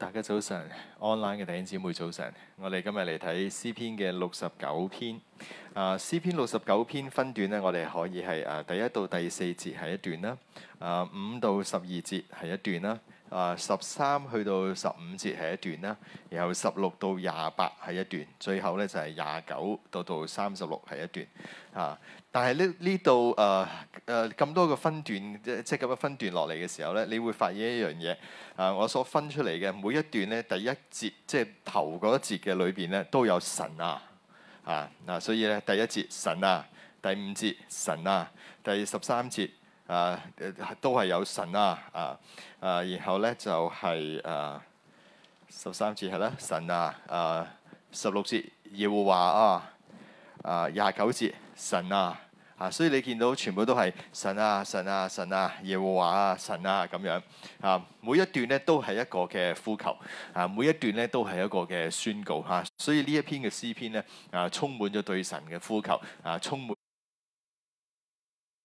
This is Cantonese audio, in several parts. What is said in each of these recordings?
大家早晨，online 嘅弟兄姊妹早晨。我哋今日嚟睇詩篇嘅六十九篇。啊，詩篇六十九篇分段咧，我哋可以係啊第一到第四節係一段啦。啊，五到十二節係一段啦。啊，十三去到十五節係一段啦，然後十六到廿八係一段，最後咧就係廿九到到三十六係一段。啊，但係呢呢度啊誒咁多個分段，即即咁樣分段落嚟嘅時候咧，你會發現一樣嘢啊，我所分出嚟嘅每一段咧，第一節即係頭嗰一節嘅裏邊咧，都有神啊啊嗱，所以咧第一節神啊，第五節神啊，第十三節。啊，都係有神啊，啊，就係、啊，然後咧就係啊，十三節係咧神啊，啊，十六節耶和華啊，啊，廿九節神啊，啊，所以你見到全部都係神啊，神啊，神啊，耶和華啊，神啊咁樣啊，每一段咧都係一個嘅呼求啊，每一段咧都係一個嘅宣告嚇、啊，所以呢一篇嘅詩篇咧啊，充滿咗對神嘅呼求啊，充滿。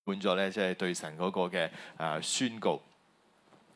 換咗咧，即係、就是、對神嗰個嘅啊宣告，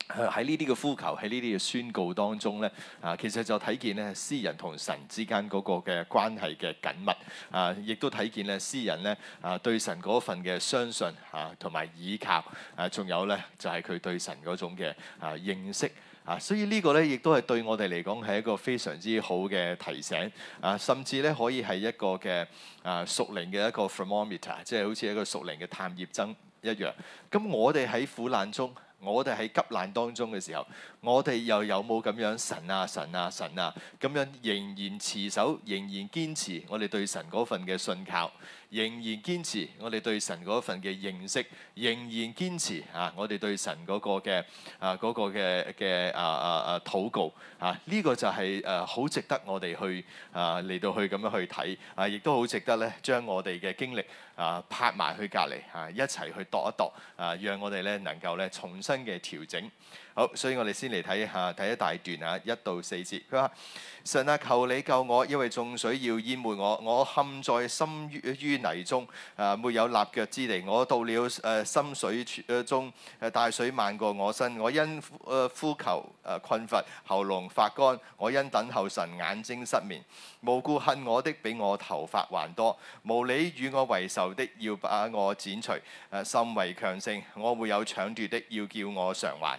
喺呢啲嘅呼求，喺呢啲嘅宣告當中咧啊，其實就睇見咧，詩人同神之間嗰個嘅關係嘅緊密啊，亦都睇見咧，詩人咧啊對神嗰份嘅相信啊，同埋依靠啊，仲有咧就係佢對神嗰種嘅啊認識。啊，所以這個呢個咧，亦都係對我哋嚟講係一個非常之好嘅提醒啊，甚至咧可以係一個嘅啊屬靈嘅一個 thermometer，即係好似一個屬靈嘅探熱針一樣。咁我哋喺苦難中，我哋喺急難當中嘅時候，我哋又有冇咁樣神啊神啊神啊咁樣仍然持守，仍然堅持我哋對神嗰份嘅信靠？仍然堅持我哋對神嗰份嘅認識，仍然堅持啊！我哋對神嗰個嘅啊嗰嘅嘅啊啊啊禱告啊，呢個就係誒好值得我哋去啊嚟到去咁樣去睇啊，亦都好值得咧將我哋嘅經歷啊拍埋去隔離啊一齊去度一度啊，讓我哋咧能夠咧重新嘅調整。好，所以我哋先嚟睇下睇一大段啊，一到四節，佢話，神啊，求你救我，因為眾水要淹沒我，我陷在深淤泥中啊，沒有立腳之地。我到了誒深水處中，誒大水漫過我身。我因誒呼，呼求誒困乏，喉嚨發乾，我因等候神，眼睛失眠。無故恨我的比我頭髮還多，無理與我為仇的要把我剪除。誒甚為強盛，我會有搶奪的，要叫我償還。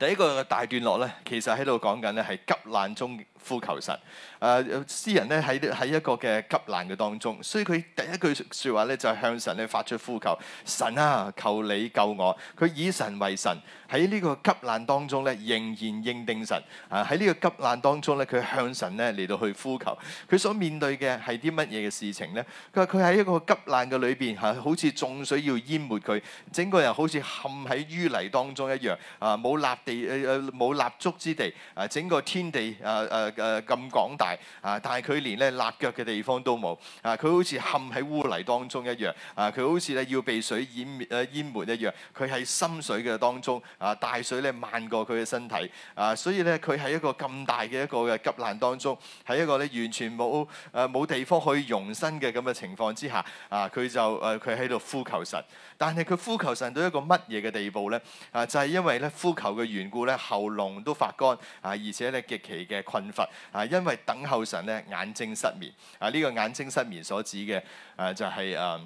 第一個大段落咧，其實喺度講緊咧，係急難中。呼求神啊！呃，詩人咧喺喺一個嘅急難嘅當中，所以佢第一句説話咧就係、是、向神咧發出呼求：神啊，求你救我！佢以神為神，喺呢個急難當中咧仍然認定神啊！呃、喺呢個急難當中咧，佢向神咧嚟到去呼求。佢所面對嘅係啲乜嘢嘅事情咧？佢話佢喺一個急難嘅裏邊嚇，好似眾水要淹沒佢，整個人好似陷喺淤泥當中一樣啊！冇立地誒誒冇立足之地啊！整個天地啊啊！啊誒咁、呃、廣大啊！但係佢連咧辣腳嘅地方都冇啊！佢好似陷喺污泥當中一樣啊！佢好似咧要被水淹滅、呃、淹沒一樣，佢喺深水嘅當中啊！大水咧漫過佢嘅身體啊！所以咧佢喺一個咁大嘅一個嘅急難當中，喺一個咧完全冇誒冇地方可以容身嘅咁嘅情況之下啊！佢就誒佢喺度呼求神。但係佢呼求神到一個乜嘢嘅地步呢？啊，就係、是、因為咧呼求嘅緣故咧，喉嚨都發乾啊，而且咧極其嘅困乏啊，因為等候神咧眼睛失眠啊，呢、這個眼睛失眠所指嘅誒就係、是、誒。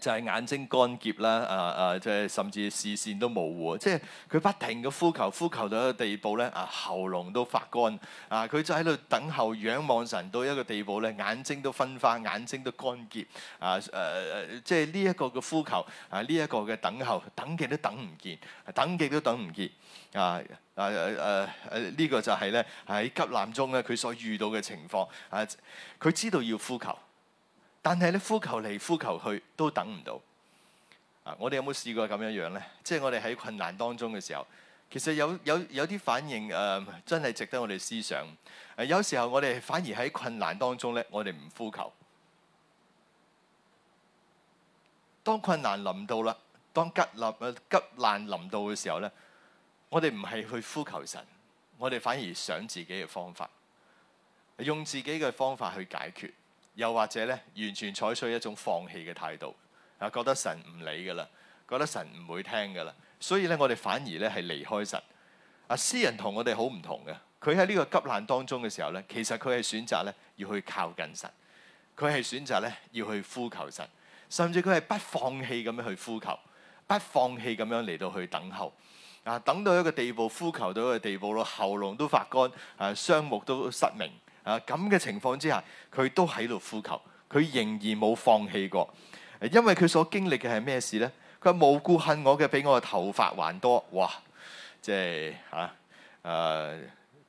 就係眼睛乾澀啦，啊啊，即係甚至視線都模糊，即係佢不停嘅呼求，呼求到一個地步咧，啊，喉嚨都發乾，啊，佢就喺度等候仰望神到一個地步咧，眼睛都分花，眼睛都乾澀，啊誒誒、啊，即係呢一個嘅呼求，啊呢一、呢個嘅等候，等極都等唔見，等極都等唔見，啊啊誒誒，呢、啊呢個就係咧喺急難中咧佢所遇到嘅情況，啊，佢知道要呼求。但係咧，呼求嚟呼求去都等唔到。啊，我哋有冇試過咁樣樣呢？即係我哋喺困難當中嘅時候，其實有有有啲反應誒、嗯，真係值得我哋思想。有時候我哋反而喺困難當中呢，我哋唔呼求。當困難臨到啦，當急臨誒急難臨到嘅時候呢，我哋唔係去呼求神，我哋反而想自己嘅方法，用自己嘅方法去解決。又或者咧，完全採取一種放棄嘅態度，啊，覺得神唔理㗎啦，覺得神唔會聽㗎啦，所以咧，我哋反而咧係離開神。啊，詩人同我哋好唔同嘅，佢喺呢個急難當中嘅時候咧，其實佢係選擇咧要去靠近神，佢係選擇咧要去呼求神，甚至佢係不放棄咁樣去呼求，不放棄咁樣嚟到去等候。啊，等到一個地步，呼求到一個地步啦，喉嚨都發乾，啊，雙目都失明。啊！咁嘅情況之下，佢都喺度呼求，佢仍然冇放棄過。因為佢所經歷嘅係咩事呢？佢話無故恨我嘅比我個頭髮還多。哇！即係啊，誒。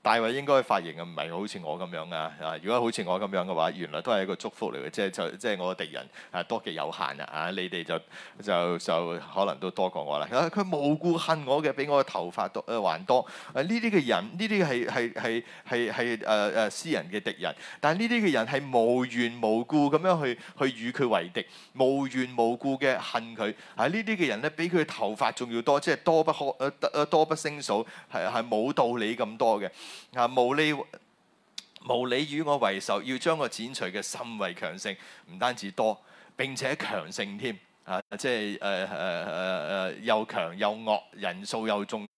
大衞應該髮型啊，唔係好似我咁樣啊！啊，如果好似我咁樣嘅話，原來都係一個祝福嚟嘅，即係就即係我嘅敵人啊，多極有限啊！啊，你哋就就就可能都多過我啦。佢、啊、無故恨我嘅，比我嘅頭髮多誒還多。啊，呢啲嘅人，呢啲係係係係係誒誒私人嘅敵人，但係呢啲嘅人係無緣無故咁樣去去與佢為敵，無緣無故嘅恨佢啊！這些呢啲嘅人咧，比佢頭髮仲要多，即係多不可誒、啊、多不勝數，係係冇道理咁多嘅。啊！無理無理與我為仇，要將我剪除嘅甚為強盛，唔單止多，並且強盛添啊！即係誒誒誒誒，又強又惡，人數又眾。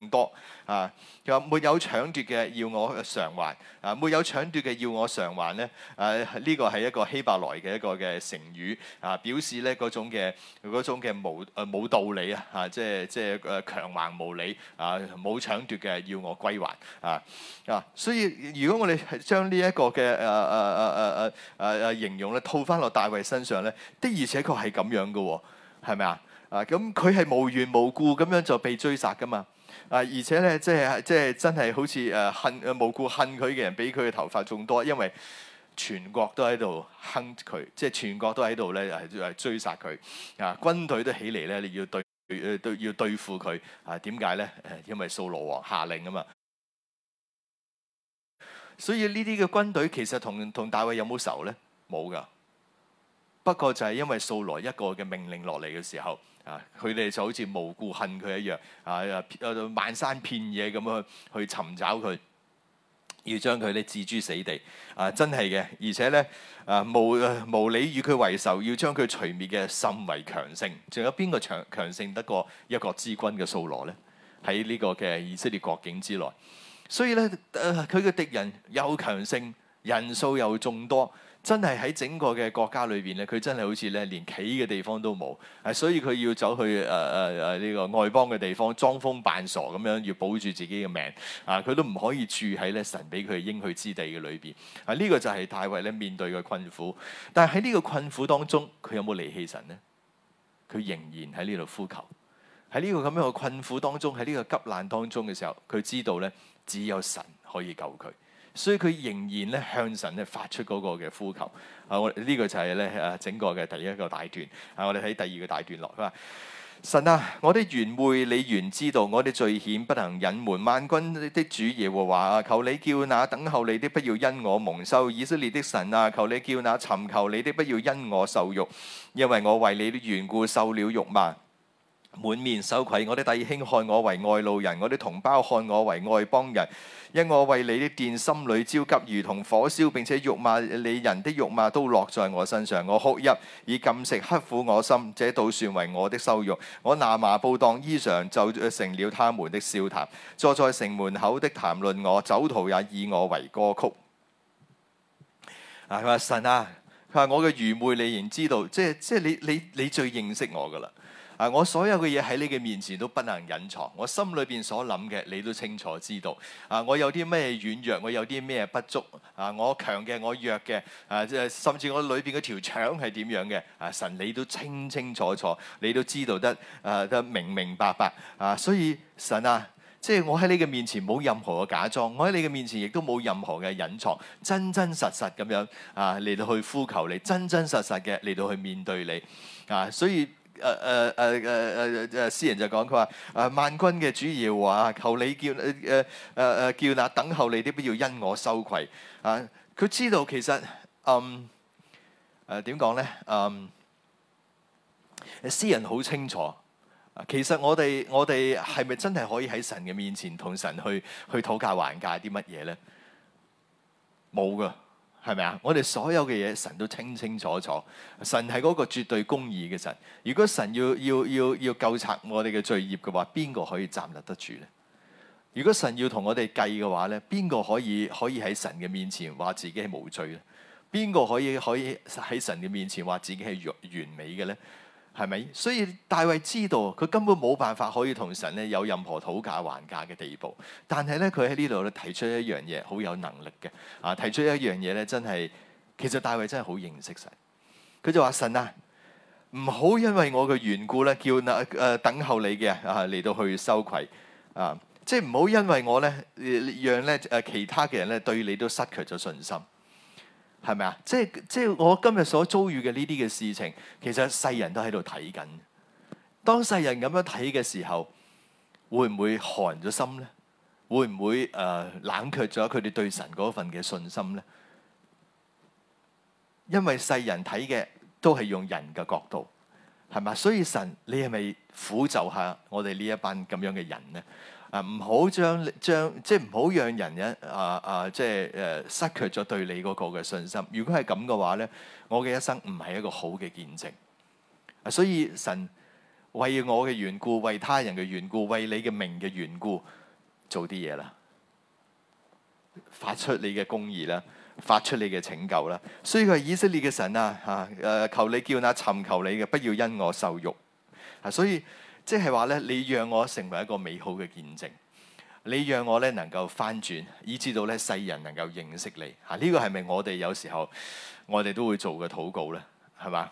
唔多啊。佢話沒有搶奪嘅要我償還啊，沒有搶奪嘅要我償還咧。誒、啊，呢、啊這個係一個希伯來嘅一個嘅成語啊，表示咧嗰種嘅嗰種嘅無誒冇、啊、道理啊，吓即係即係誒強橫無理啊，冇搶奪嘅要我歸還啊啊。所以如果我哋係將呢一個嘅誒誒誒誒誒誒誒形容咧套翻落大衛身上咧，的而且確係咁樣噶、哦，係咪啊？啊，咁佢係無緣無故咁樣就被追殺噶嘛？啊！而且咧，即係即係真係好似誒、啊、恨無故恨佢嘅人，比佢嘅頭髮仲多，因為全國都喺度恨佢，即係全國都喺度咧誒追殺佢啊！軍隊都起嚟咧，你要對誒對、呃、要對付佢啊？點解咧？誒、啊，因為掃羅王下令啊嘛。所以呢啲嘅軍隊其實同同大衛有冇仇咧？冇㗎。不過就係因為掃羅一個嘅命令落嚟嘅時候。啊！佢哋就好似無故恨佢一樣，啊！啊！啊！漫山遍野咁樣去尋找佢，要將佢呢置諸死地。啊！真係嘅，而且咧啊無啊無理與佢為仇，要將佢除滅嘅甚為強盛。仲有邊個強強盛得過一國之君個之軍嘅掃羅咧？喺呢個嘅以色列國境之內，所以咧，誒佢嘅敵人又強盛，人數又眾多。真係喺整個嘅國家裏邊咧，佢真係好似咧連企嘅地方都冇，啊，所以佢要走去誒誒誒呢個外邦嘅地方裝瘋扮傻咁樣，要保住自己嘅命啊！佢都唔可以住喺咧神俾佢應許之地嘅裏邊啊！呢個就係大衛咧面對嘅困苦。但係喺呢個困苦當中，佢有冇離棄神呢？佢仍然喺呢度呼求。喺呢個咁樣嘅困苦當中，喺呢個急難當中嘅時候，佢知道咧只有神可以救佢。所以佢仍然咧向神咧發出嗰個嘅呼求，啊！我呢、這個就係咧啊整個嘅第一個大段，啊！我哋喺第二個大段落，佢神啊，我的原會你原知道，我的罪愆不能隱瞞，萬軍的主耶和華啊，求你叫那等候你的不要因我蒙羞，以色列的神啊，求你叫那尋求你的不要因我受辱，因為我為你的緣故受了辱罵，滿面羞愧，我的弟兄看我為外路人，我的同胞看我為外邦人。因我為你的殿心裏焦急，如同火燒，並且辱罵你人的辱罵都落在我身上。我哭泣以禁食，刻苦我心，這倒算為我的羞辱。我拿麻布當衣裳，就成了他們的笑談。坐在城門口的談論我，酒徒也以我為歌曲。啊！佢話神啊，佢話我嘅愚昧你原知道，即係即係你你你最認識我噶啦。啊！我所有嘅嘢喺你嘅面前都不能隱藏，我心裏邊所諗嘅你都清楚知道。啊！我有啲咩軟弱，我有啲咩不足。啊！我強嘅，我弱嘅。啊！甚至我裏邊嗰條腸係點樣嘅？啊！神，你都清清楚楚，你都知道得啊，明明白白。啊！所以神啊，即係我喺你嘅面前冇任何嘅假裝，我喺你嘅面前亦都冇任何嘅隱藏，真真實實咁樣啊嚟到去呼求你，真真實實嘅嚟到去面對你。啊！所以。誒誒誒誒誒誒，詩人就講，佢話，誒萬軍嘅主要啊，求你叫誒誒誒叫那等候你啲不要因我羞愧啊！佢、uh，知道其實嗯誒點講咧，嗯詩人好清楚，其實我哋我哋係咪真係可以喺神嘅面前同神去去討價還價啲乜嘢咧？冇噶。係咪啊？我哋所有嘅嘢，神都清清楚楚。神係嗰個絕對公義嘅神。如果神要要要要究察我哋嘅罪孽嘅話，邊個可以站立得住咧？如果神要同我哋計嘅話咧，邊個可以可以喺神嘅面前話自己係無罪咧？邊個可以可以喺神嘅面前話自己係完完美嘅咧？係咪？所以大衛知道佢根本冇辦法可以同神咧有任何討價還價嘅地步。但係咧，佢喺呢度咧提出一樣嘢，好有能力嘅啊！提出一樣嘢咧，真係其實大衛真係好認識神。佢就話神啊，唔好因為我嘅緣故咧，叫誒、呃呃、等候你嘅啊嚟到去羞愧啊！即係唔好因為我咧、呃，讓咧誒、呃、其他嘅人咧對你都失去咗信心。係咪啊？即係即係我今日所遭遇嘅呢啲嘅事情，其實世人都喺度睇緊。當世人咁樣睇嘅時候，會唔會寒咗心呢？會唔會誒、呃、冷卻咗佢哋對神嗰份嘅信心呢？因為世人睇嘅都係用人嘅角度，係咪？所以神，你係咪撫就下我哋呢一班咁樣嘅人呢？啊！唔好將將即係唔好讓人嘅啊啊！即係誒，失去咗對你嗰個嘅信心。如果係咁嘅話咧，我嘅一生唔係一個好嘅見證。啊！所以神為我嘅緣故，為他人嘅緣故，為你嘅命嘅緣故，做啲嘢啦，發出你嘅公義啦，發出你嘅拯救啦。所以佢係以色列嘅神啊！吓、啊、誒，求你叫那尋求你嘅，不要因我受辱啊！所以。即係話咧，你讓我成為一個美好嘅見證，你讓我咧能夠翻轉，以至到咧世人能夠認識你。嚇、啊，呢個係咪我哋有時候我哋都會做嘅禱告咧？係嘛？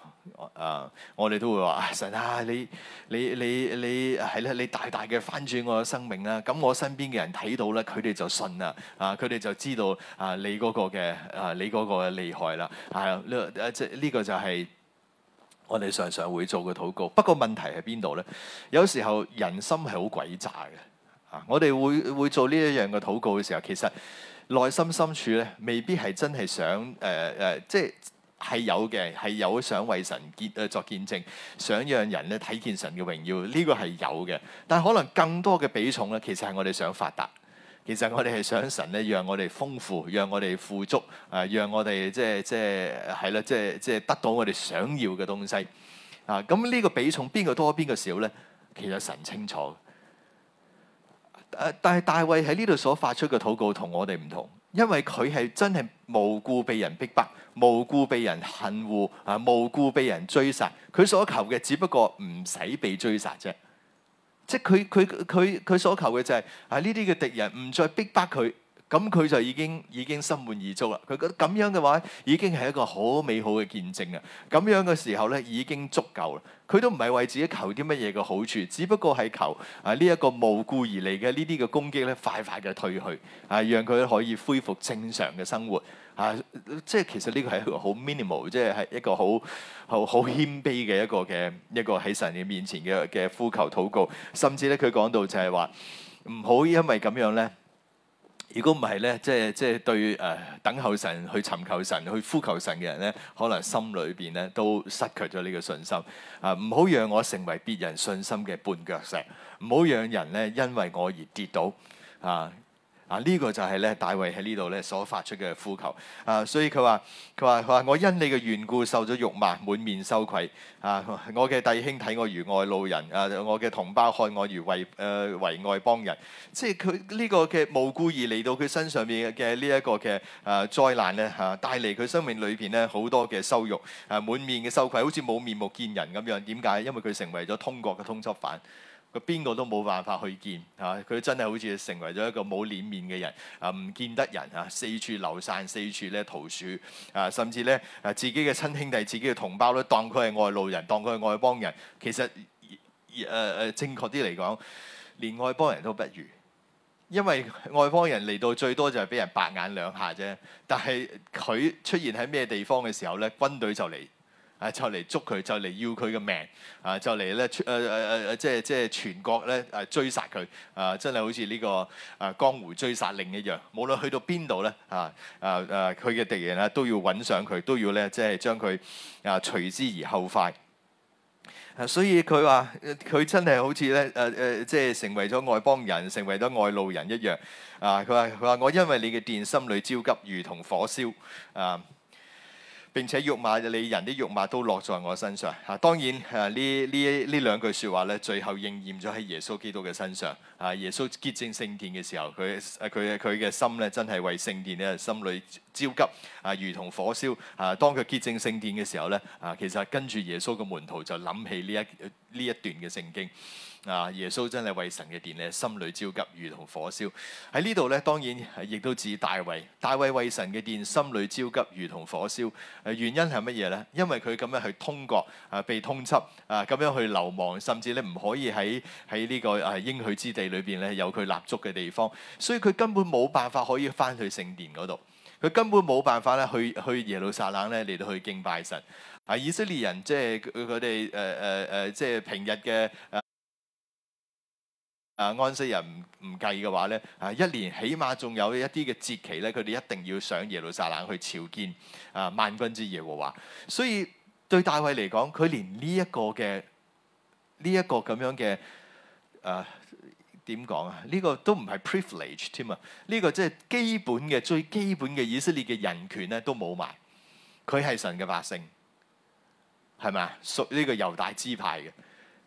啊，我哋都會話：神啊，你你你你係啦，你大大嘅翻轉我嘅生命啦。咁我身邊嘅人睇到咧，佢哋就信啦。啊，佢哋就知道啊，你嗰個嘅啊，你嗰個嘅厲害啦。係啊，呢即呢個就係、是。我哋常常會做個禱告，不過問題係邊度呢？有時候人心係好詭詐嘅，啊！我哋會會做呢一樣嘅禱告嘅時候，其實內心深處呢，未必係真係想誒誒、呃呃，即係有嘅，係有想為神見誒作見證，想讓人咧睇見神嘅榮耀，呢、這個係有嘅。但係可能更多嘅比重呢，其實係我哋想發達。其實我哋係想神咧，讓我哋豐富，讓我哋富足，啊，讓我哋即係即係係啦，即係即係得到我哋想要嘅東西。啊，咁呢個比重邊個多邊個少咧？其實神清楚嘅。誒，但係大衛喺呢度所發出嘅禱告同我哋唔同，因為佢係真係無故被人逼迫，無故被人恨惡，啊，無故被人追殺。佢所求嘅只不過唔使被追殺啫。即係佢佢佢佢所求嘅就係啊，呢啲嘅敵人唔再逼迫佢，咁佢就已經已經心滿意足啦。佢覺得咁樣嘅話已經係一個好美好嘅見證啊！咁樣嘅時候咧，已經足夠啦。佢都唔係為自己求啲乜嘢嘅好處，只不過係求啊，呢一個無故而嚟嘅呢啲嘅攻擊咧，快快嘅退去，啊，讓佢可以恢復正常嘅生活。啊，即係其實呢個係一個好 minimal，即係係一個好好好謙卑嘅一個嘅一個喺神嘅面前嘅嘅呼求禱告。甚至咧，佢講到就係話唔好因為咁樣咧，如果唔係咧，即係即係對誒、呃、等候神去尋求神去呼求神嘅人咧，可能心裏邊咧都失去咗呢個信心。啊，唔好讓我成為別人信心嘅絆腳石，唔好讓人咧因為我而跌倒。啊。呢、啊呢個就係咧，大衛喺呢度咧所發出嘅呼求啊！所以佢話：佢話佢話我因你嘅緣故受咗辱罵，滿面羞愧啊！我嘅弟兄睇我如外路人啊！我嘅同胞看我如為誒、呃、為外邦人。即係佢呢個嘅無故而嚟到佢身上面嘅呢一個嘅誒災難咧嚇、啊，帶嚟佢生命裏邊咧好多嘅羞辱啊，滿面嘅羞愧，好似冇面目見人咁樣。點解？因為佢成為咗通國嘅通緝犯。個邊個都冇辦法去見嚇，佢、啊、真係好似成為咗一個冇臉面嘅人啊！唔見得人嚇、啊，四處流散，四處咧逃處啊，甚至咧誒、啊、自己嘅親兄弟、自己嘅同胞咧，當佢係外路人，當佢係外邦人。其實誒誒、呃、正確啲嚟講，連外邦人都不如，因為外邦人嚟到最多就係俾人白眼兩下啫。但係佢出現喺咩地方嘅時候咧，軍隊就嚟。啊！就嚟捉佢，就嚟要佢嘅命啊！就嚟咧，誒誒誒，即係即係全國咧，誒追殺佢啊！真係好似呢、這個誒、啊、江湖追殺令一樣，無論去到邊度咧啊啊啊，佢嘅敵人咧都要搵上佢，都要咧即係將佢啊除之而後快、啊、所以佢話佢真係好似咧誒誒，即係成為咗外邦人，成為咗外路人一樣啊！佢話佢話我因為你嘅殿，心裏焦急如同火燒啊！並且辱罵你人的辱罵都落在我身上。嚇、啊，當然誒、啊、呢呢呢兩句説話咧，最後應驗咗喺耶穌基督嘅身上。嚇、啊，耶穌潔淨聖殿嘅時候，佢誒佢佢嘅心咧，真係為聖殿咧心裏焦急，啊，如同火燒。啊，當佢潔淨聖殿嘅時候咧，啊，其實跟住耶穌嘅門徒就諗起呢一呢一段嘅聖經。啊！耶穌真係為神嘅殿咧，心裏焦急，如同火燒。喺呢度咧，當然亦都指大衛，大衛為神嘅殿心裏焦急，如同火燒。啊、原因係乜嘢咧？因為佢咁樣去通國啊，被通緝啊，咁樣去流亡，甚至咧唔可以喺喺呢個應、啊、許之地裏邊咧有佢立足嘅地方，所以佢根本冇辦法可以翻去聖殿嗰度，佢根本冇辦法咧去去耶路撒冷咧嚟到去敬拜神。啊！以色列人即係佢哋誒誒誒，即係、呃呃、平日嘅。呃啊，安息人唔唔計嘅話咧，啊，一年起碼仲有一啲嘅節期咧，佢哋一定要上耶路撒冷去朝見啊萬軍之耶和華。所以對大衛嚟講，佢連呢一個嘅呢一個咁樣嘅誒點講啊？呢個都唔係 privilege 添啊！呢個即係基本嘅最基本嘅以色列嘅人權咧都冇埋。佢係神嘅百姓，係咪啊？屬呢個猶大支派嘅。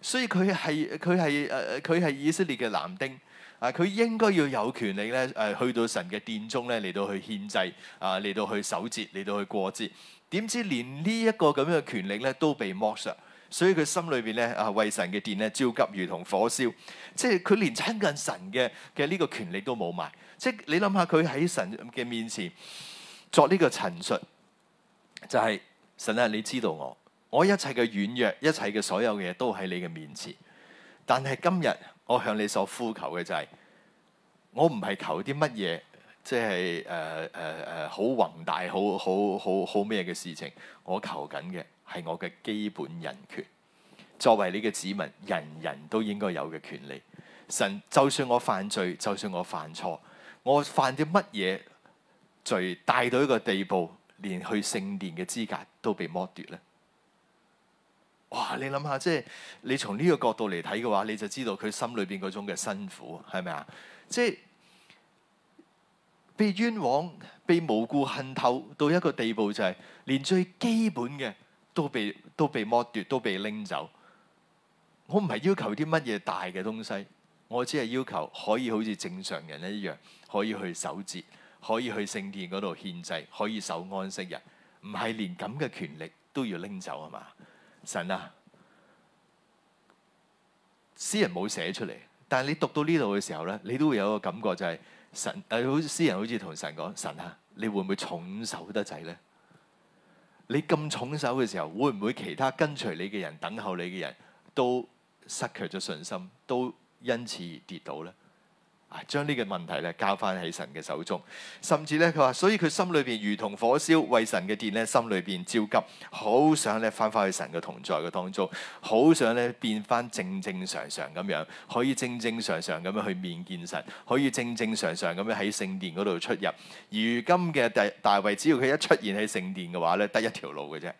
所以佢係佢係誒佢係以色列嘅男丁啊！佢應該要有權利咧誒，去到神嘅殿中咧，嚟到去獻祭啊，嚟到去守節，嚟到去過節。點知連呢一個咁樣嘅權力咧都被剝削，所以佢心裏邊咧啊，為神嘅殿咧焦急如同火燒，即係佢連親近神嘅嘅呢個權力都冇埋。即係你諗下，佢喺神嘅面前作呢個陳述，就係神啊，你知道我。我一切嘅軟弱，一切嘅所有嘢都喺你嘅面前。但係今日我向你所呼求嘅就係、是，我唔係求啲乜嘢，即係誒誒誒，好、呃呃、宏大、好好好好咩嘅事情。我求緊嘅係我嘅基本人權，作為你嘅子民，人人都應該有嘅權利。神，就算我犯罪，就算我犯錯，我犯啲乜嘢罪大到一個地步，連去聖殿嘅資格都被剝奪咧？哇！你諗下，即係你從呢個角度嚟睇嘅話，你就知道佢心裏邊嗰種嘅辛苦係咪啊？即係被冤枉、被無故恨透到一個地步，就係連最基本嘅都被都被剝奪、都被拎走。我唔係要求啲乜嘢大嘅東西，我只係要求可以好似正常人一樣，可以去守節，可以去聖殿嗰度獻祭，可以守安息日。唔係連咁嘅權力都要拎走啊嘛？神啊，詩人冇寫出嚟，但你讀到呢度嘅時候呢，你都會有一個感覺就係神，誒，好似詩人好似同神講：神啊，你會唔會重手得滯咧？你咁重手嘅時候，會唔會其他跟隨你嘅人、等候你嘅人都失去咗信心，都因此而跌倒呢？啊！將呢個問題咧交翻喺神嘅手中，甚至咧佢話，所以佢心裏邊如同火燒，為神嘅殿咧心裏邊焦急，好想咧翻返去神嘅同在嘅當中，好想咧變翻正正常常咁樣，可以正正常常咁樣去面見神，可以正正常常咁樣喺聖殿嗰度出入。如今嘅大大衛，只要佢一出現喺聖殿嘅話咧，得一條路嘅啫。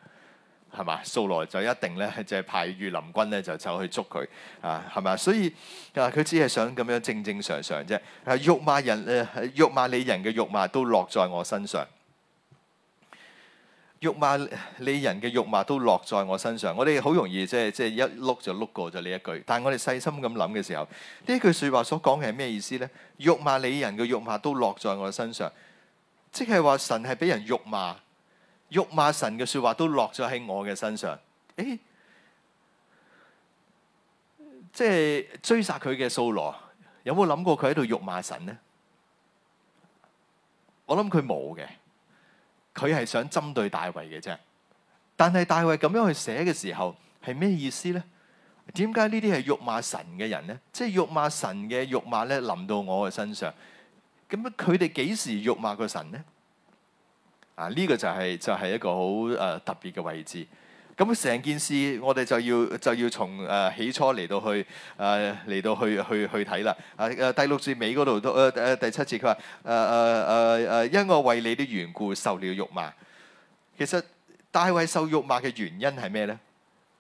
係嘛，素來就一定咧，就係派御林軍咧，就走去捉佢啊，係嘛，所以啊，佢只係想咁樣正正常常啫。啊，辱罵人誒，辱罵你人嘅辱罵都落在我身上，辱罵你人嘅辱罵都落在我身上。我哋好容易即係即係一碌就碌過咗呢一句，但係我哋細心咁諗嘅時候，呢句說話所講嘅係咩意思咧？辱罵你人嘅辱罵都落在我身上，即係話神係俾人辱罵。辱罵神嘅說話都落咗喺我嘅身上，誒，即係追殺佢嘅掃羅，有冇諗過佢喺度辱罵神呢？我諗佢冇嘅，佢係想針對大衛嘅啫。但係大衛咁樣去寫嘅時候，係咩意思呢？點解呢啲係辱罵神嘅人呢？即係辱罵神嘅辱罵咧，臨到我嘅身上，咁樣佢哋幾時辱罵個神呢？啊！呢、這個就係、是、就係、是、一個好誒、呃、特別嘅位置。咁、嗯、成件事我哋就要就要從誒、呃、起初嚟到去誒嚟、呃、到去去去睇啦。誒、啊、誒第六節尾嗰度都誒誒第七節佢話誒誒誒誒因為我為你啲緣故受了辱罵。其實大衛受辱罵嘅原因係咩咧？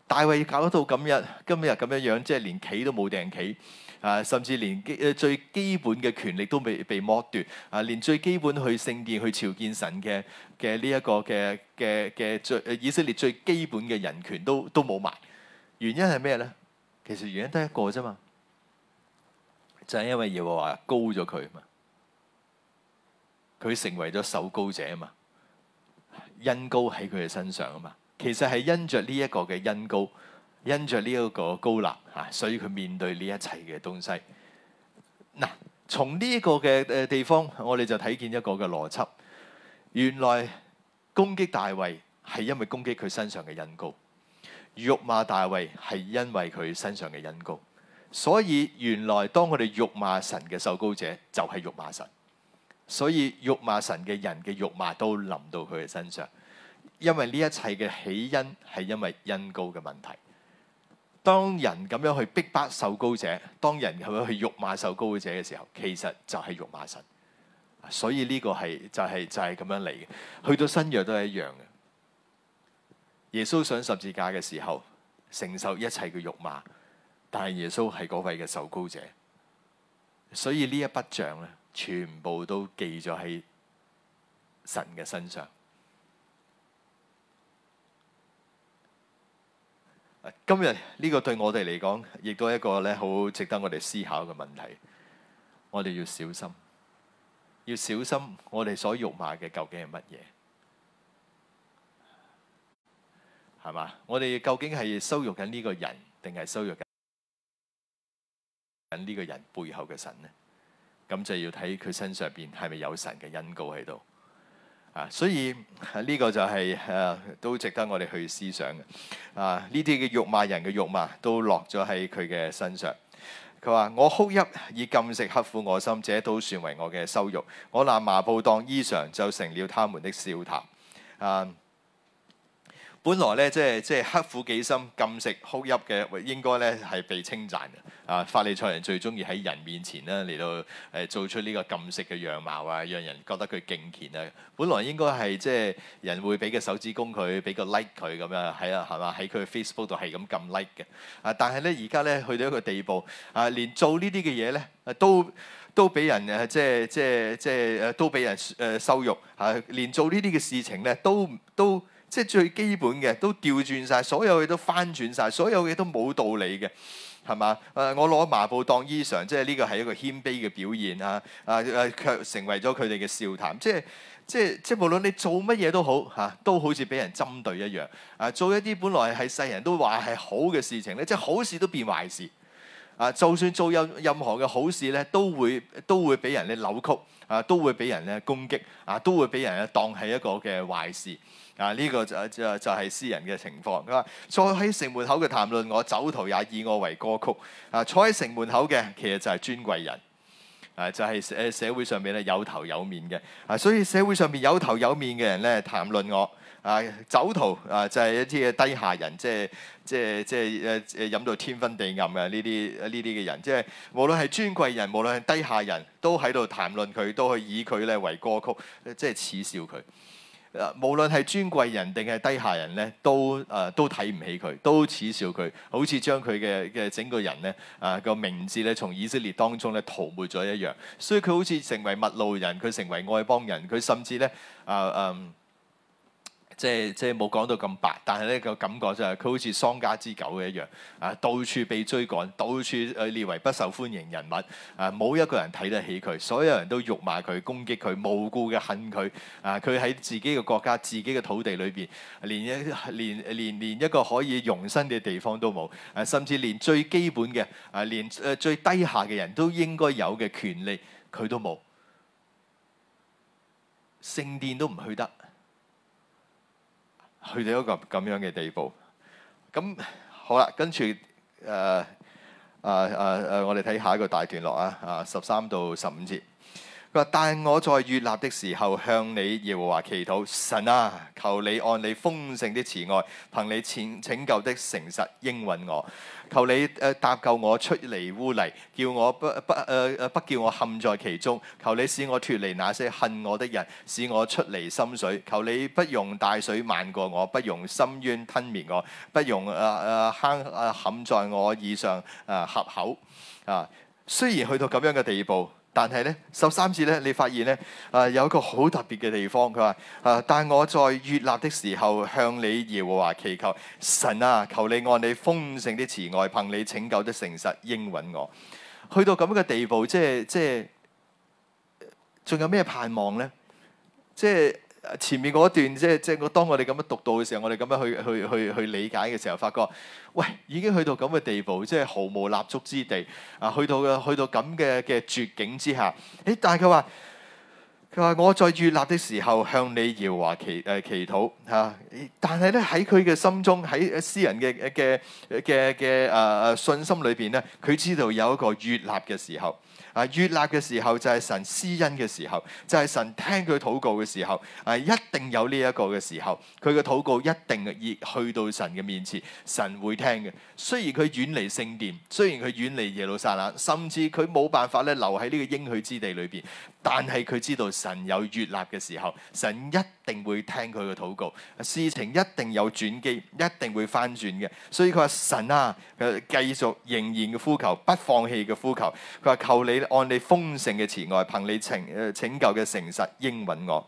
大衛搞到今日今日咁樣樣，即係連企都冇定企。啊，甚至連基誒最基本嘅權力都未被剝奪啊，連最基本去聖殿去朝見神嘅嘅呢一個嘅嘅嘅最以色列最基本嘅人權都都冇埋。原因係咩咧？其實原因得一個啫嘛，就係、是、因為耶和華膏咗佢嘛，佢成為咗受膏者嘛，恩膏喺佢嘅身上啊嘛。其實係因着呢一個嘅恩膏。因著呢一個膏立嚇，所以佢面對呢一切嘅東西嗱。從呢個嘅誒地方，我哋就睇見一個嘅邏輯。原來攻擊大衛係因為攻擊佢身上嘅恩膏，辱罵大衛係因為佢身上嘅恩膏。所以原來當我哋辱罵神嘅受膏者，就係辱罵神。所以辱罵神嘅人嘅辱罵都臨到佢嘅身上，因為呢一切嘅起因係因為恩膏嘅問題。當人咁樣去逼迫受膏者，當人咁樣去辱罵受膏者嘅時候，其實就係辱罵神。所以呢個係就係、是、就係、是、咁樣嚟嘅，去到新約都係一樣嘅。耶穌上十字架嘅時候，承受一切嘅辱罵，但係耶穌係嗰位嘅受膏者，所以呢一筆賬咧，全部都記咗喺神嘅身上。今日呢、這個對我哋嚟講，亦都係一個咧好值得我哋思考嘅問題。我哋要小心，要小心我哋所辱罵嘅究竟係乜嘢？係嘛？我哋究竟係羞辱緊呢個人，定係羞辱緊呢個人背後嘅神呢？咁就要睇佢身上邊係咪有神嘅恩膏喺度。啊，所以呢、這個就係、是、誒、啊，都值得我哋去思想嘅。啊，呢啲嘅辱罵人嘅辱罵都落咗喺佢嘅身上。佢話：我哭泣以禁食，刻苦我心，這都算為我嘅羞辱。我拿麻布當衣裳，就成了他們的笑談。啊！本來咧，即係即係刻苦己心，禁食哭泣嘅，應該咧係被稱讚嘅。啊，法利賽人最中意喺人面前咧嚟到誒、呃、做出呢個禁食嘅樣貌啊，讓人覺得佢敬虔啊。本來應該係即係人會俾個手指公佢，俾個 like 佢咁樣，係啊，係嘛？喺佢 Facebook 度係咁撳 like 嘅。啊，但係咧而家咧去到一個地步，啊，連做呢啲嘅嘢咧，都都俾人誒即係即係即係誒都俾人誒、呃、羞辱嚇、啊，連做呢啲嘅事情咧都都。都即係最基本嘅都調轉晒，所有嘢都翻轉晒，所有嘢都冇道理嘅係嘛？誒，我攞麻布當衣裳，即係呢個係一個謙卑嘅表現啊！啊啊，卻成為咗佢哋嘅笑談。即係即係即係，無論你做乜嘢都好嚇，啊，都好似俾人針對一樣啊！做一啲本來係世人都話係好嘅事情咧，即係好事都變壞事啊！就算做任任何嘅好事咧，都會都會俾人咧扭曲啊，都會俾人咧攻擊啊，都會俾人咧當係一個嘅壞事。啊！呢個就就就係私人嘅情況。佢話：坐喺城門口嘅談論我，酒徒也以我為歌曲。啊！坐喺城門口嘅，其實就係尊貴人。啊！就係、是、誒社會上面咧有頭有面嘅。啊！所以社會上面有頭有面嘅人咧談論我。啊！酒徒啊，就係一啲嘅低下人，即係即係即係誒飲到天昏地暗嘅呢啲呢啲嘅人。即、就、係、是、無論係尊貴人，無論係低下人都喺度談論佢，都去以佢咧為歌曲，即、就、係、是、恥笑佢。誒，無論係尊貴人定係低下人呢，都誒、呃、都睇唔起佢，都恥笑佢，好似將佢嘅嘅整個人呢誒個、呃、名字呢，從以色列當中咧塗抹咗一樣。所以佢好似成為陌路人，佢成為外邦人，佢甚至呢。誒、呃、誒。呃即係即係冇講到咁白，但係呢個感覺就係佢好似喪家之狗一樣，啊，到處被追趕，到處誒列為不受歡迎人物，啊，冇一個人睇得起佢，所有人都辱罵佢、攻擊佢、無故嘅恨佢，啊，佢喺自己嘅國家、自己嘅土地裏邊，連一連連連一個可以容身嘅地方都冇，啊，甚至連最基本嘅啊，連誒、啊、最低下嘅人都應該有嘅權利，佢都冇，聖殿都唔去得。去到一個咁樣嘅地步，咁好啦，跟住誒誒誒誒，我哋睇下一個大段落啊，啊十三到十五節。佢話：但我在悅納的時候向你耶和華祈禱，神啊，求你按你豐盛的慈愛，憑你請拯救的誠實應允我，求你誒搭、呃、救我出離污泥，叫我不不誒、呃、不叫我陷在其中，求你使我脱離那些恨我的人，使我出離深水，求你不用大水漫過我，不用深淵吞滅我，不用誒誒、呃、坑誒陷在我以上誒、呃、合口啊。雖然去到咁樣嘅地步。但係咧，十三節咧，你發現咧，啊、呃、有一個好特別嘅地方，佢話：啊、呃，但我在悅納的時候，向你耶和華祈求，神啊，求你按你豐盛的慈愛，憑你拯救的誠實應允我。去到咁嘅地步，即係即係，仲有咩盼望呢？即係。前面嗰段即係即係，我當我哋咁樣讀到嘅時候，我哋咁樣去去去去理解嘅時候，發覺喂，已經去到咁嘅地步，即係毫無立足之地啊！去到嘅去到咁嘅嘅絕境之下，誒，但係佢話佢話，我在悅納的時候向你耶和華祈誒祈禱嚇，但係咧喺佢嘅心中喺私人嘅嘅嘅嘅誒信心裏邊咧，佢知道有一個悅納嘅時候。啊！悅納嘅時候就係神施恩嘅時候，就係、是、神聽佢禱告嘅時候。啊、就是！一定有呢一個嘅時候，佢嘅禱告一定亦去到神嘅面前，神會聽嘅。雖然佢遠離聖殿，雖然佢遠離耶路撒冷，甚至佢冇辦法咧留喺呢個應許之地裏邊，但係佢知道神有悅納嘅時候，神一定會聽佢嘅禱告，事情一定有轉機，一定會翻轉嘅。所以佢話神啊，佢繼續仍然嘅呼求，不放棄嘅呼求。佢話求你按你豐盛嘅慈愛，憑你情誒拯救嘅誠實應允我。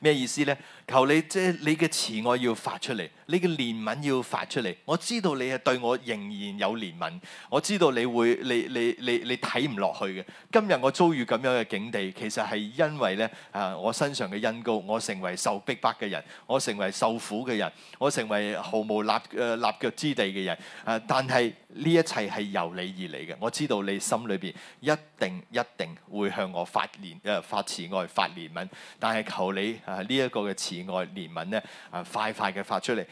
咩意思呢？求你即係、就是、你嘅慈愛要發出嚟，你嘅憐憫要發出嚟。我知道你係對我仍然有憐憫，我知道你會你你你你睇唔落去嘅。今日我遭遇咁樣嘅境地，其實係因為咧啊，我身上嘅恩膏，我成為受逼迫嘅人，我成為受苦嘅人，我成為毫無立誒立腳之地嘅人啊！但係呢一切係由你而嚟嘅，我知道你心裏邊一定一定會向我發憐誒發慈愛發憐憫，但係求你啊，呢、這、一個嘅慈。慈愛憐憫咧，啊快快嘅發出嚟！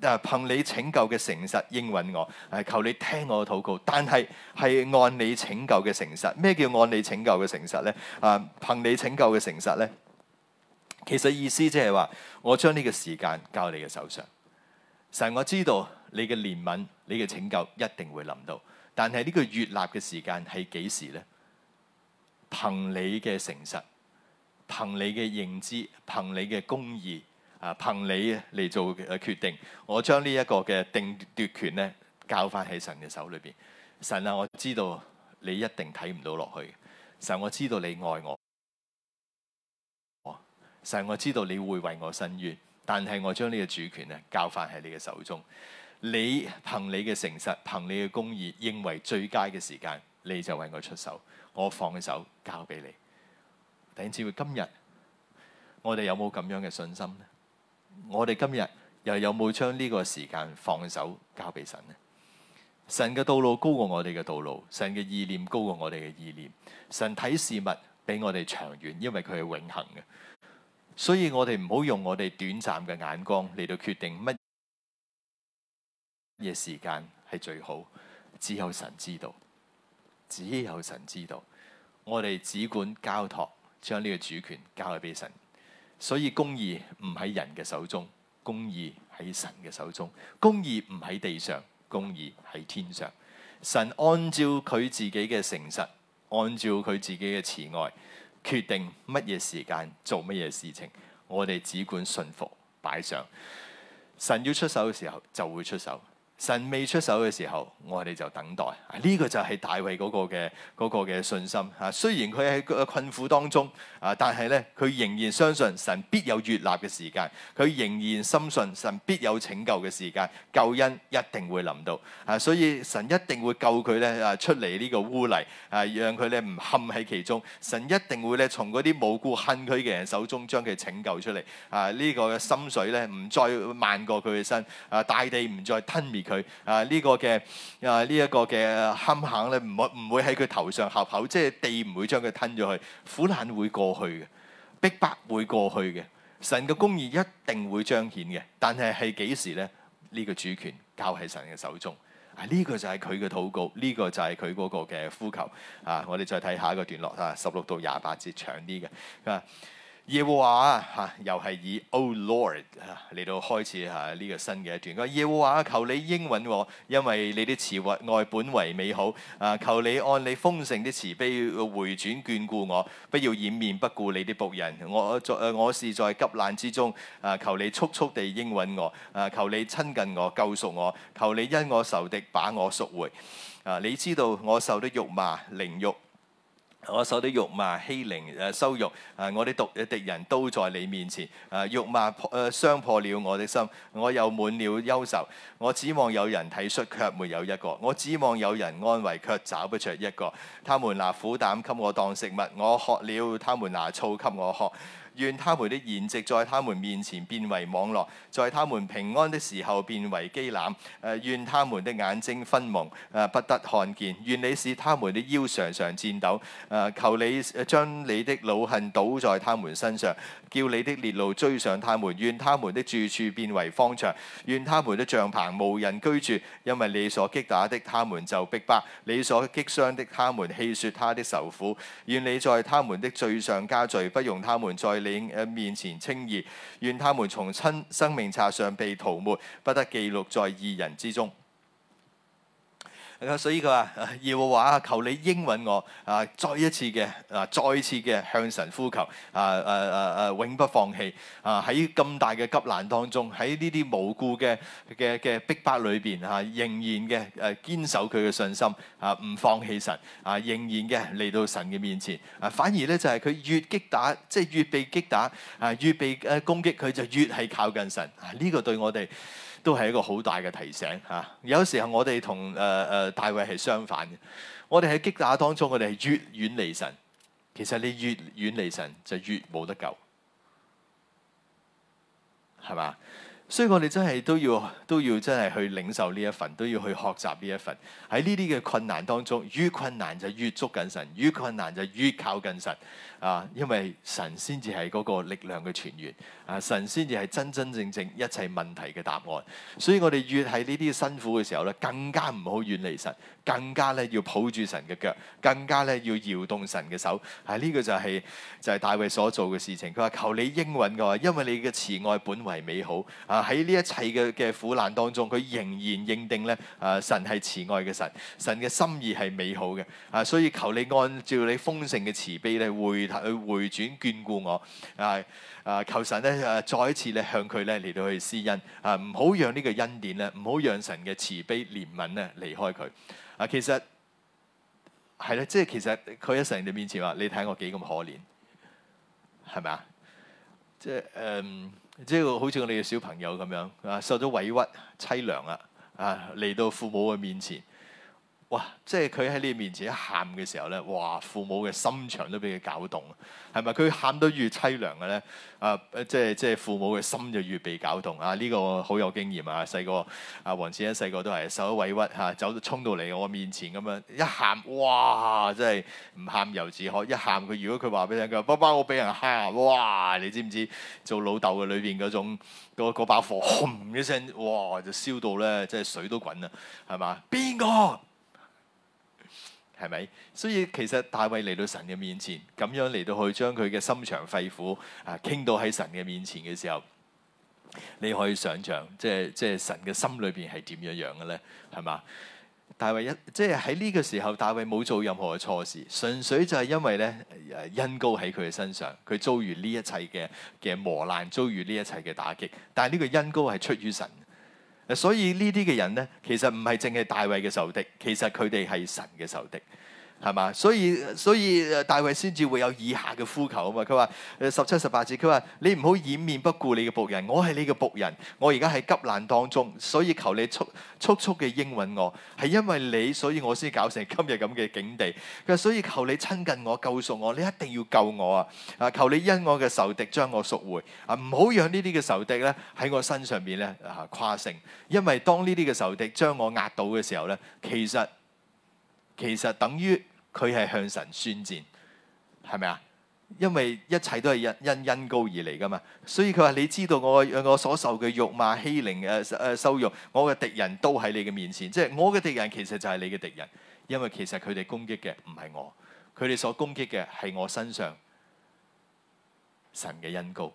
啊，憑、啊、你拯救嘅誠實應允我，係、啊、求你聽我嘅禱告。但係係按你拯救嘅誠實，咩叫按你拯救嘅誠實咧？啊，憑你拯救嘅誠實咧，其實意思即係話，我將呢個時間交喺你嘅手上。成日我知道你嘅憐憫、你嘅拯救一定會臨到。但係呢個悅納嘅時間係幾時咧？憑你嘅誠實。憑你嘅認知，憑你嘅公義啊，憑你嚟做決定。我將呢一個嘅定奪權咧，交翻喺神嘅手裏邊。神啊，我知道你一定睇唔到落去。神，我知道你愛我。神，我知道你會為我伸冤。但係我將呢個主權咧，交翻喺你嘅手中。你憑你嘅誠實，憑你嘅公義，認為最佳嘅時間，你就為我出手。我放手交俾你。弟兄姊妹，今日我哋有冇咁樣嘅信心呢？我哋今日又有冇將呢個時間放手交俾神呢？神嘅道路高過我哋嘅道路，神嘅意念高過我哋嘅意念，神睇事物比我哋長遠，因為佢係永恆嘅。所以我哋唔好用我哋短暫嘅眼光嚟到決定乜嘢時間係最好，只有神知道，只有神知道。我哋只管交託。將呢個主權交去俾神，所以公義唔喺人嘅手中，公義喺神嘅手中，公義唔喺地上，公義喺天上。神按照佢自己嘅誠實，按照佢自己嘅慈愛，決定乜嘢時間做乜嘢事情，我哋只管信服擺上。神要出手嘅時候，就會出手。神未出手嘅時候，我哋就等待。啊，呢個就係大衛嗰個嘅嗰個嘅信心。啊，雖然佢喺個困苦當中，啊，但係咧，佢仍然相信神必有悅納嘅時間，佢仍然深信神必有拯救嘅時間，救恩一定會臨到。啊，所以神一定會救佢咧啊出嚟呢個污泥啊，讓佢咧唔陷喺其中。神一定會咧從嗰啲無辜恨佢嘅人手中將佢拯救出嚟。啊，呢個嘅心水咧唔再漫過佢嘅身。啊，大地唔再吞滅。佢啊，這個啊這個，呢個嘅啊呢一個嘅坎坷咧唔會唔會喺佢頭上合口，即係地唔會將佢吞咗去，苦難會過去嘅，逼迫會過去嘅，神嘅公義一定會彰顯嘅。但係係幾時咧？呢，這個主權交喺神嘅手中。啊呢，這個就係佢嘅禱告，呢，這個就係佢嗰個嘅呼求。啊，我哋再睇下一個段落啊，十六到廿八節長啲嘅啊。耶和華啊，又係以 O Lord 嚟到開始嚇、啊、呢、這個新嘅一段。佢耶和華，求你應允我，因為你啲慈愛本為美好。啊，求你按你豐盛的慈悲回轉眷顧我，不要掩面不顧你啲僕人。我在，我是在急難之中。啊，求你速速地應允我。啊，求你親近我，救贖我。求你因我仇敵，把我贖回。啊，你知道我受的辱罵凌辱。我受啲辱罵欺凌誒、呃、羞辱啊、呃！我啲敵敵人都在你面前啊、呃！辱罵破誒傷破了我的心，我又滿了憂愁。我指望有人體恤，卻沒有一個；我指望有人安慰，卻找不著一個。他們拿苦膽給我當食物，我渴了；他們拿醋給我喝。願他們的筵席在他們面前變為網羅，在他們平安的時候變為機檻、呃。願他們的眼睛昏蒙、呃，不得看見。願你使他們的腰常常顫抖。求你、呃、將你的惱恨倒在他們身上。叫你的烈怒追上他們，願他們的住處變為荒場，願他們的帳棚無人居住，因為你所擊打的他們就逼迫，你所擊傷的他們戲說他的愁苦。願你在他們的罪上加罪，不容他們在你面前稱義。願他們從生命冊上被塗抹，不得記錄在二人之中。所以佢話：要嘅話求你應允我啊，再一次嘅啊，再一次嘅向神呼求啊，誒誒誒，永不放棄啊！喺咁大嘅急難當中，喺呢啲無故嘅嘅嘅逼迫裏邊嚇，仍然嘅誒堅守佢嘅信心啊，唔放棄神啊，仍然嘅嚟、啊啊啊、到神嘅面前啊，反而咧就係、是、佢越擊打，即、就、係、是、越被擊打啊，越被誒攻擊，佢就越係靠近神啊。呢、啊這個對我哋。都係一個好大嘅提醒嚇、啊，有時候我哋同誒誒大衛係相反嘅。我哋喺擊打當中，我哋係越遠離神，其實你越遠離神就越冇得救，係嘛？所以我哋真係都要都要真係去領受呢一份，都要去學習呢一份。喺呢啲嘅困難當中，越困難就越捉緊神，越困難就越靠近神啊！因為神先至係嗰個力量嘅泉源啊，神先至係真真正正一切問題嘅答案。所以我哋越喺呢啲辛苦嘅時候咧，更加唔好遠離神。更加咧要抱住神嘅腳，更加咧要搖動神嘅手。啊，呢個就係就係大衛所做嘅事情。佢話：求你應允我，因為你嘅慈愛本為美好。啊，喺呢一切嘅嘅苦難當中，佢仍然認定咧，啊，神係慈愛嘅神，神嘅心意係美好嘅。啊，所以求你按照你豐盛嘅慈悲咧，回去回轉眷顧我。啊啊，求神咧，誒再一次咧向佢咧嚟到去施恩。啊，唔好讓呢個恩典咧，唔好讓神嘅慈悲憐憫咧離開佢。啊，其實，係啦，即係其實，佢喺神嘅面前話：你睇我幾咁可憐，係咪啊？即係、呃、即係好似我哋嘅小朋友咁樣，啊，受咗委屈、淒涼啊，啊嚟到父母嘅面前。哇！即係佢喺你面前一喊嘅時候咧，哇！父母嘅心腸都俾佢搞動，係咪？佢喊得越凄涼嘅咧，啊！即係即係父母嘅心就越被搞動啊！呢個好有經驗啊！細個啊黃子欣細個都係受咗委屈嚇、啊，走衝到嚟我面前咁樣一喊，哇！真係唔喊猶自可，一喊佢如果佢話俾你聽，佢爸爸我俾人蝦，哇！你知唔知做老豆嘅裏邊嗰種嗰把火，轟一聲，哇！就燒到咧，即係水都滾啊，係嘛？邊個？係咪？所以其實大衛嚟到神嘅面前，咁樣嚟到去將佢嘅心腸肺腑啊傾到喺神嘅面前嘅時候，你可以想象，即係即係神嘅心裡邊係點樣樣嘅咧？係嘛？大衛一即係喺呢個時候，大衛冇做任何嘅錯事，純粹就係因為咧恩膏喺佢嘅身上，佢遭遇呢一切嘅嘅磨難，遭遇呢一切嘅打擊，但係呢個恩膏係出於神。所以這些呢啲嘅人咧，其實唔係淨係大衛嘅仇敵，其實佢哋係神嘅仇敵。係嘛？所以所以大衛先至會有以下嘅呼求啊嘛！佢話誒十七十八節，佢話你唔好掩面不顧你嘅僕人，我係你嘅僕人，我而家喺急難當中，所以求你速速速嘅應允我。係因為你，所以我先搞成今日咁嘅境地。佢所以求你親近我，救贖我，你一定要救我啊！啊，求你因我嘅仇敵將我贖回啊！唔好讓呢啲嘅仇敵咧喺我身上邊咧啊跨性，因為當呢啲嘅仇敵將我壓倒嘅時候咧，其實其實等於。佢係向神宣戰，係咪啊？因為一切都係因，因恩高而嚟噶嘛，所以佢話：你知道我我所受嘅辱罵欺凌誒羞辱，我嘅敵人都喺你嘅面前，即係我嘅敵人其實就係你嘅敵人，因為其實佢哋攻擊嘅唔係我，佢哋所攻擊嘅係我身上神嘅恩高。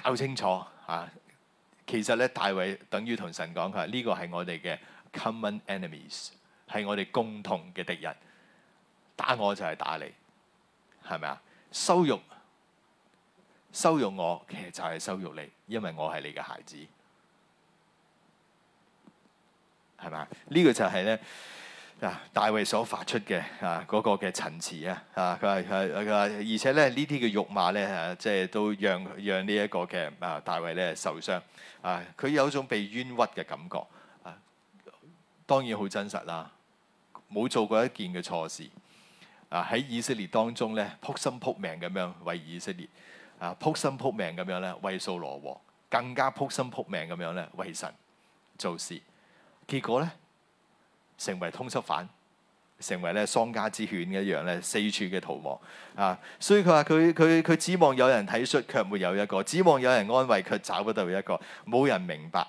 搞清楚啊！其實咧，大衛等於同神講佢話：呢個係我哋嘅 common enemies。係我哋共同嘅敵人，打我就係打你，係咪啊？羞辱，羞辱我其實就係羞辱你，因為我係你嘅孩子，係咪啊？呢、這個就係咧嗱，大衛所發出嘅啊嗰個嘅陳詞啊啊，佢話佢話佢話，而且咧呢啲嘅辱罵咧啊，即係都讓讓呢一個嘅啊大衛咧受傷啊，佢有種被冤屈嘅感覺啊，當然好真實啦。冇做過一件嘅錯事，啊喺以色列當中咧，撲心撲命咁樣為以色列，啊撲心撲命咁樣咧為掃羅王，更加撲心撲命咁樣咧為神做事，結果咧成為通緝犯，成為咧喪家之犬一樣咧四處嘅逃亡，啊！所以佢話佢佢佢指望有人體恤，卻沒有一個；指望有人安慰，卻找不到一個。冇人明白，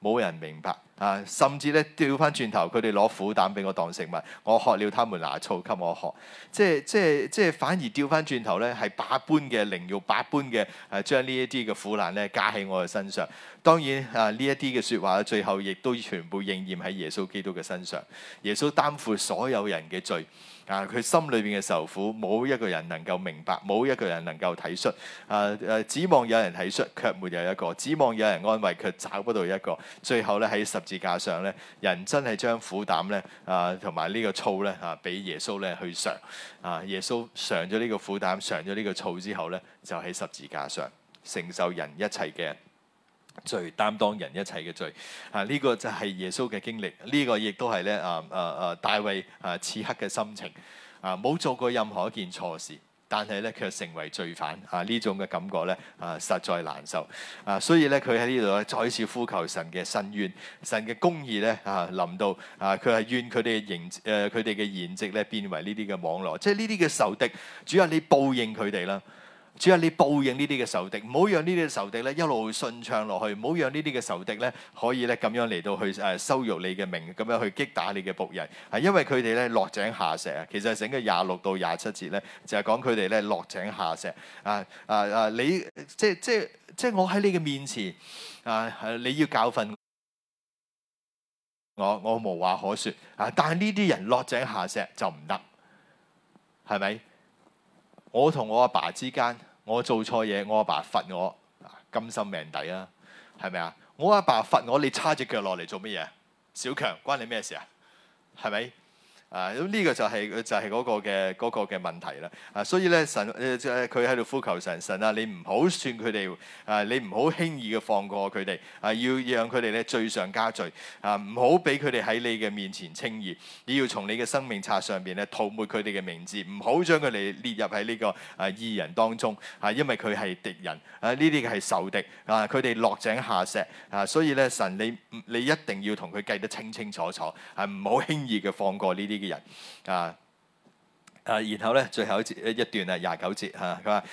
冇人明白。啊，甚至咧，調翻轉頭，佢哋攞苦膽俾我當食物，我喝了，他們拿醋給我喝，即係即係即係反而調翻轉頭咧，係百般嘅凌辱，百般嘅誒、啊，將呢一啲嘅苦難咧加喺我嘅身上。當然啊，呢一啲嘅説話，最後亦都全部應驗喺耶穌基督嘅身上。耶穌擔負所有人嘅罪。啊！佢心裏邊嘅受苦，冇一個人能夠明白，冇一個人能夠體恤。啊！誒，指望有人體恤，卻沒有一個；指望有人安慰，卻找不到一個。最後咧，喺十字架上咧，人真係將苦膽咧啊，同埋呢個醋咧嚇，俾、啊、耶穌咧去嘗。啊！耶穌嘗咗呢個苦膽，嘗咗呢個醋之後咧，就喺十字架上承受人一切嘅。罪，擔當人一切嘅罪，啊呢、呢個就係耶穌嘅經歷，呢個、也是呢個亦都係咧啊，啊大衛啊此刻嘅心情啊，冇做過任何一件錯事，但係咧卻成為罪犯，啊呢種嘅感覺咧啊實在難受，啊所以咧佢喺呢度咧再次呼求神嘅申冤，神嘅公義咧啊臨到啊佢係願佢哋言誒佢哋嘅筵席咧變為呢啲嘅網羅，即係呢啲嘅仇敵，主啊你報應佢哋啦。主要你報應呢啲嘅仇敵，唔好讓呢啲嘅仇敵咧一路順暢落去，唔好讓呢啲嘅仇敵咧可以咧咁樣嚟到去誒羞辱你嘅名，咁樣去擊打你嘅僕人。係因為佢哋咧落井下石，其實整個廿六到廿七節咧就係講佢哋咧落井下石。啊啊啊！你即係即係即係我喺你嘅面前啊，你要教訓我，我無話可説。啊，但係呢啲人落井下石就唔得，係咪？我同我阿爸，爸之間，我做錯嘢，我阿爸，爸罰我，甘心身命抵啦，係咪啊？我阿爸，爸罰我，你叉隻腳落嚟做乜嘢？小強，關你咩事啊？係咪？啊咁呢、這個就係、是、就係、是、嗰個嘅嗰個嘅問題啦啊！所以咧神，誒佢喺度呼求神，神啊，你唔好算佢哋啊，你唔好輕易嘅放過佢哋啊，要讓佢哋咧罪上加罪啊，唔好俾佢哋喺你嘅面前輕易，你要從你嘅生命冊上邊咧塗抹佢哋嘅名字，唔好將佢哋列入喺呢、這個啊義人當中啊，因為佢係敵人啊，呢啲係仇敵啊，佢哋落井下石啊，所以咧神，你你一定要同佢計得清清楚楚，係唔、啊、好輕易嘅放過呢啲。啲人啊啊，然後咧最後一節，一段啊廿九節嚇，佢話。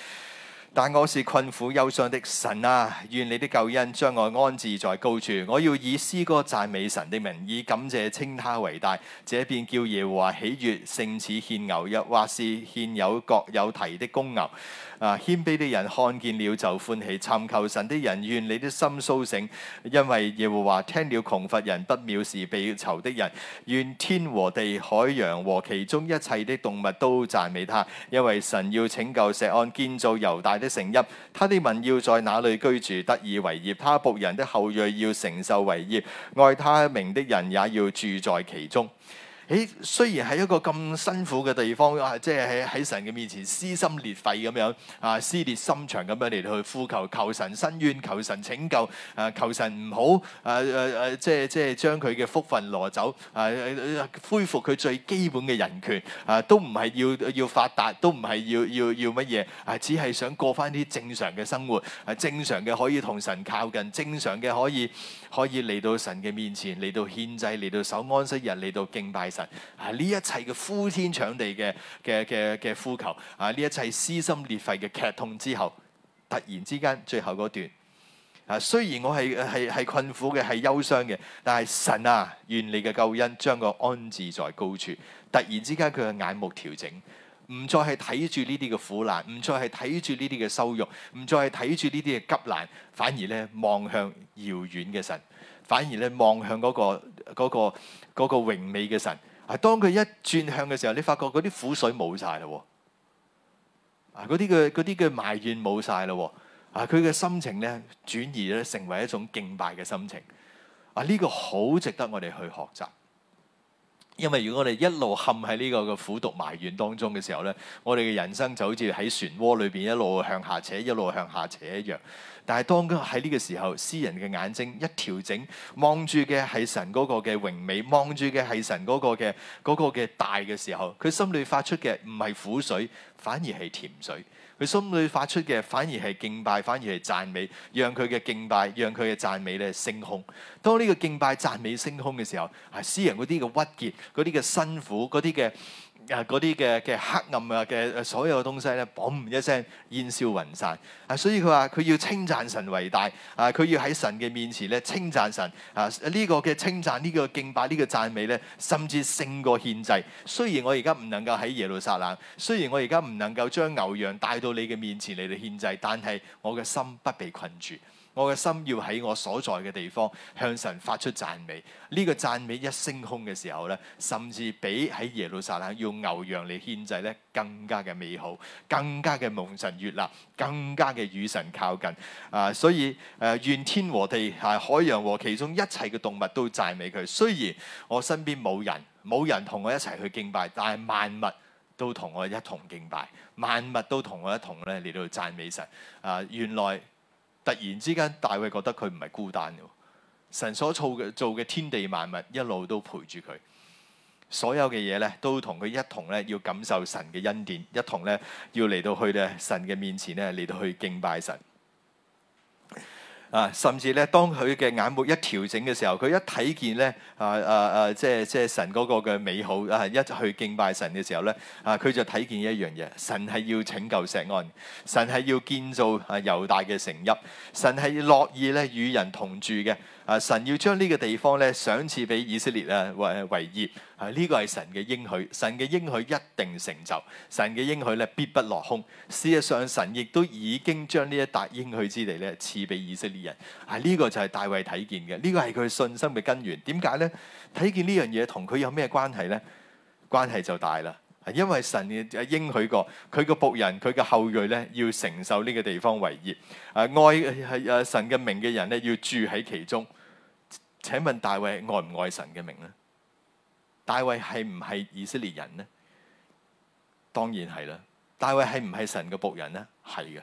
但我是困苦憂傷的，神啊，願你的救恩將我安置在高處。我要以詩歌讚美神的名，以感謝稱他為大。這便叫耶和華喜悦，勝似獻牛或是獻有角有蹄的公牛。啊，謙卑的人看見了就歡喜，尋求神的人，願你的心蘇醒，因為耶和華聽了窮乏人，不藐視被囚的人，願天和地、海洋和其中一切的動物都讚美他，因為神要拯救錫安建造猶大。的城邑，他的民要在哪裏居住，得以為業；他僕人的後裔要承受為業，愛他名的人也要住在其中。誒雖然喺一個咁辛苦嘅地方，啊，即係喺喺神嘅面前撕心裂肺咁樣，啊，撕裂心腸咁樣嚟去呼求求神伸冤、求神拯救，啊，求神唔好，啊啊啊、呃，即係即係將佢嘅福分攞走，啊，恢復佢最基本嘅人權，啊，都唔係要要發達，都唔係要要要乜嘢，係、啊、只係想過返啲正常嘅生活，係、啊、正常嘅可以同神靠近，正常嘅可以。可以嚟到神嘅面前，嚟到獻祭，嚟到守安息日，嚟到敬拜神。啊，呢一切嘅呼天搶地嘅嘅嘅嘅呼求，啊，呢一切撕心裂肺嘅劇痛之後，突然之間最後嗰段，啊，雖然我係係係困苦嘅，係憂傷嘅，但係神啊，願你嘅救恩將我安置在高處。突然之間，佢嘅眼目調整。唔再係睇住呢啲嘅苦難，唔再係睇住呢啲嘅羞辱，唔再係睇住呢啲嘅急難，反而咧望向遙遠嘅神，反而咧望向嗰個嗰個嗰個榮美嘅神。啊，當佢一轉向嘅時候，你發覺嗰啲苦水冇晒啦，啊，嗰啲嘅嗰啲嘅埋怨冇晒啦，啊，佢嘅心情咧轉移咧成為一種敬拜嘅心情。啊，呢個好值得我哋去學習。因為如果我哋一路陷喺呢個嘅苦毒埋怨當中嘅時候咧，我哋嘅人生就好似喺漩渦裏邊一路向下扯，一路向下扯一樣。但係當喺呢個時候，詩人嘅眼睛一調整，望住嘅係神嗰個嘅榮美，望住嘅係神嗰個嘅嗰個嘅大嘅時候，佢心裏發出嘅唔係苦水，反而係甜水。佢心裏發出嘅反而係敬拜，反而係讚美，讓佢嘅敬拜，讓佢嘅讚美咧升空。當呢個敬拜讚美升空嘅時候，啊，詩人嗰啲嘅鬱結，嗰啲嘅辛苦，嗰啲嘅。嗰啲嘅嘅黑暗啊嘅所有嘅東西咧，嘣一聲煙消雲散啊！所以佢話佢要稱讚神為大啊！佢要喺神嘅面前咧稱讚神啊！呢個嘅稱讚，呢個敬拜，呢個讚美咧，甚至勝過獻祭。雖然我而家唔能夠喺耶路撒冷，雖然我而家唔能夠將牛羊帶到你嘅面前嚟嚟獻祭，但係我嘅心不被困住。我嘅心要喺我所在嘅地方向神發出讚美，呢個讚美一升空嘅時候咧，甚至比喺耶路撒冷用牛羊嚟獻祭咧更加嘅美好，更加嘅蒙神悅納，更加嘅與神靠近。啊，所以誒，願、呃、天和地、係、啊、海洋和其中一切嘅動物都讚美佢。雖然我身邊冇人，冇人同我一齊去敬拜，但係萬物都同我一同敬拜，萬物都同我一同咧嚟到讚美神。啊，原來。突然之間，大衛覺得佢唔係孤單嘅，神所做嘅做嘅天地萬物一路都陪住佢，所有嘅嘢咧都同佢一同咧要感受神嘅恩典，一同咧要嚟到去咧神嘅面前咧嚟到去敬拜神。啊，甚至咧，當佢嘅眼目一調整嘅時候，佢一睇見咧，啊啊啊，即係即係神嗰個嘅美好啊，一去敬拜神嘅時候咧，啊，佢就睇見一樣嘢，神係要拯救錫安，神係要建造啊猶大嘅城邑，神係樂意咧與人同住嘅。啊！神要將呢個地方咧賞賜俾以色列啊，為為業啊！呢個係神嘅應許，神嘅應許一定成就，神嘅應許咧必不落空。事實上，神亦都已經將呢一笪應許之地咧賜俾以色列人。啊！呢個就係大衛睇見嘅，呢個係佢信心嘅根源。點解咧？睇見呢樣嘢同佢有咩關係咧？關係就大啦。因為神應許過佢個僕人佢嘅後裔咧，要承受呢個地方為業。啊，愛係神嘅名嘅人咧，要住喺其中。請問大衛愛唔愛神嘅名咧？大衛係唔係以色列人咧？當然係啦。大衛係唔係神嘅僕人咧？係嘅。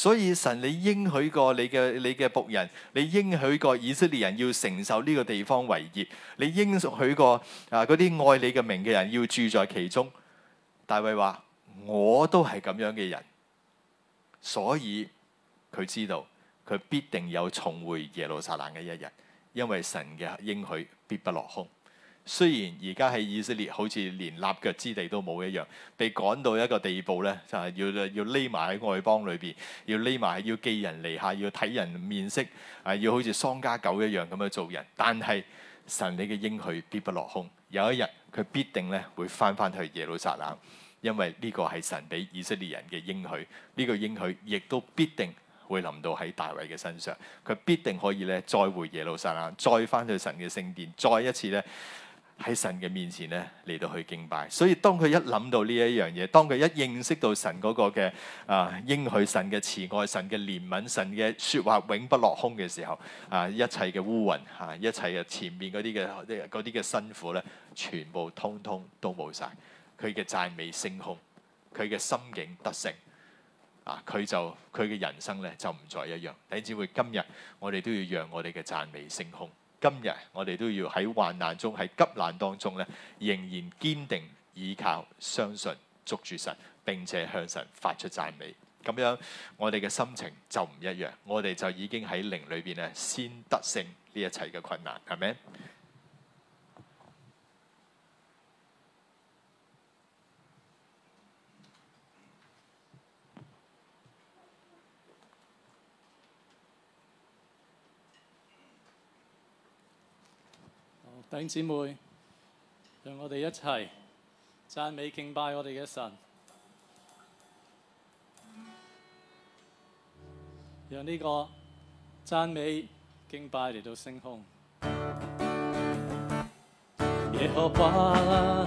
所以神你應許過你嘅你嘅僕人，你應許過以色列人要承受呢個地方為業，你應許過啊嗰啲愛你嘅名嘅人要住在其中。大衛話：我都係咁樣嘅人，所以佢知道佢必定有重回耶路撒冷嘅一日，因為神嘅應許必不落空。雖然而家喺以色列好似連立腳之地都冇一樣，被趕到一個地步呢，就係要要匿埋喺外邦裏邊，要匿埋要寄人籬下，要睇人面色，啊，要好似喪家狗一樣咁樣做人。但係神你嘅應許必不落空，有一日佢必定呢會翻返去耶路撒冷，因為呢個係神俾以色列人嘅應許，呢個應許亦都必定會臨到喺大衛嘅身上，佢必定可以呢，再回耶路撒冷，再翻去神嘅聖殿，再一次呢。喺神嘅面前咧，嚟到去敬拜。所以當佢一諗到呢一樣嘢，當佢一認識到神嗰個嘅啊應許，神嘅慈愛、神嘅憐憫、神嘅説話永不落空嘅時候，啊一切嘅烏雲啊一切嘅前面嗰啲嘅啲嘅辛苦咧，全部通通都冇晒。佢嘅讚美升空，佢嘅心境得勝，啊佢就佢嘅人生咧就唔再一樣。弟兄姊妹，今日我哋都要讓我哋嘅讚美升空。今日我哋都要喺患難中，喺急難當中咧，仍然堅定倚靠相信捉住神，並且向神發出讚美。咁樣我哋嘅心情就唔一樣，我哋就已經喺靈裏邊咧先得勝呢一切嘅困難，係咪？弟兄姊妹，讓我哋一齊讚美敬拜我哋嘅神，讓呢個讚美敬拜嚟到星空。耶和華。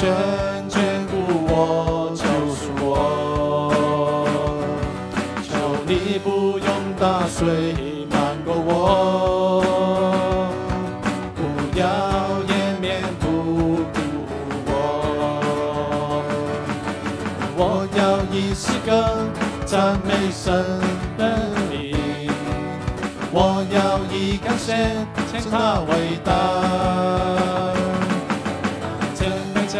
全眷顧我，救贖我，求你不用大水，漫過我，不要掩面不顧我。我要以詩歌讚美神的名，我要以感謝稱他為大。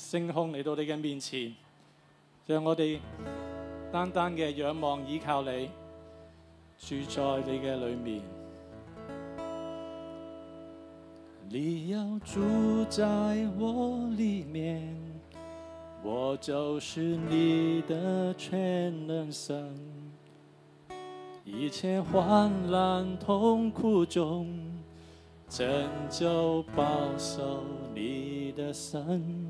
星空嚟到你嘅面前，讓我哋單單嘅仰望倚靠你，住在你嘅裏面。你要住在我裏面，我就是你的全能神，一切患難痛苦中，成就保守你的神。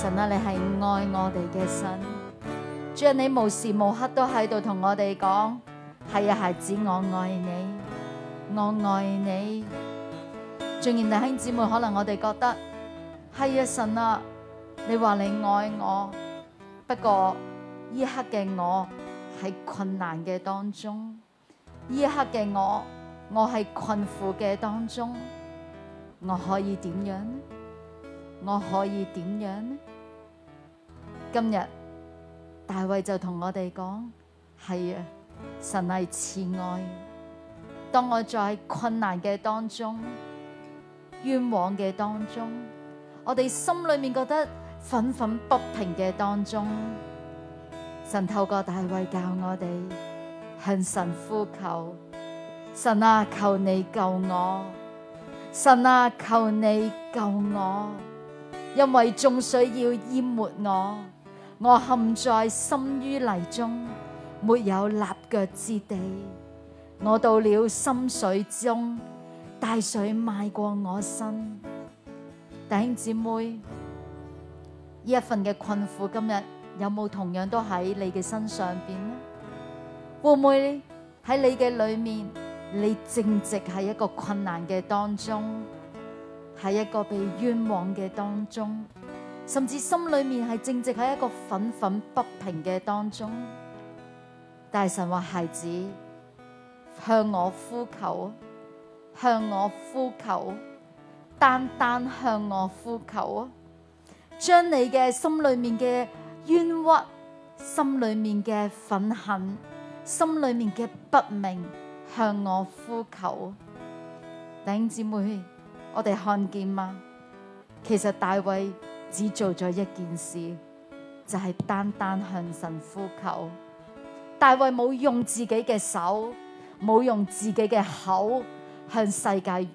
神啊，你係愛我哋嘅神，主啊，你無時無刻都喺度同我哋講，係啊，孩子，我愛你，我愛你。雖然弟兄姊妹可能我哋覺得，係啊，神啊，你話你愛我，不過依刻嘅我喺困難嘅當中，依刻嘅我，我喺困苦嘅當中，我可以點樣，我可以點樣呢？今日大衛就同我哋講：係啊，神係慈愛。當我在困難嘅當中，冤枉嘅當中，我哋心裏面覺得忿忿不平嘅當中，神透過大衛教我哋向神呼求：神啊，求你救我！神啊，求你救我！因為眾水要淹沒我。我陷在深淤泥中，沒有立腳之地。我到了深水中，大水漫過我身。弟兄姊妹，呢一份嘅困苦，今日有冇同樣都喺你嘅身上邊呢？會唔會喺你嘅裏面，你正直喺一個困難嘅當中，喺一個被冤枉嘅當中？甚至心裏面係正直喺一個憤憤不平嘅當中，大神話，孩子向我呼求，向我呼求，單單向我呼求啊！將你嘅心裏面嘅冤屈、心裏面嘅憤恨、心裏面嘅不明向我呼求，弟兄姊妹，我哋看見嗎？其實大衛。只做咗一件事，就係、是、單單向神呼求。大衛冇用自己嘅手，冇用自己嘅口向世界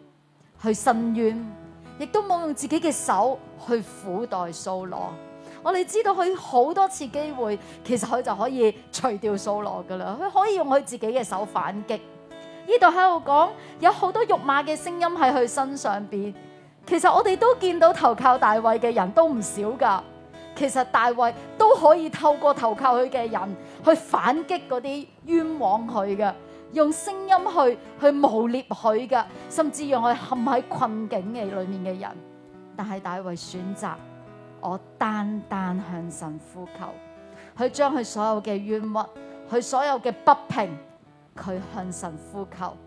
去伸冤，亦都冇用自己嘅手去苦待掃羅。我哋知道佢好多次機會，其實佢就可以除掉掃羅噶啦。佢可以用佢自己嘅手反擊。呢度喺度講，有好多辱罵嘅聲音喺佢身上邊。其實我哋都見到投靠大衛嘅人都唔少㗎。其實大衛都可以透過投靠佢嘅人去反擊嗰啲冤枉佢嘅，用聲音去去污衊佢嘅，甚至讓佢陷喺困境嘅裏面嘅人。但係大衛選擇，我單單向神呼求，佢將佢所有嘅冤屈、佢所有嘅不平，佢向神呼求，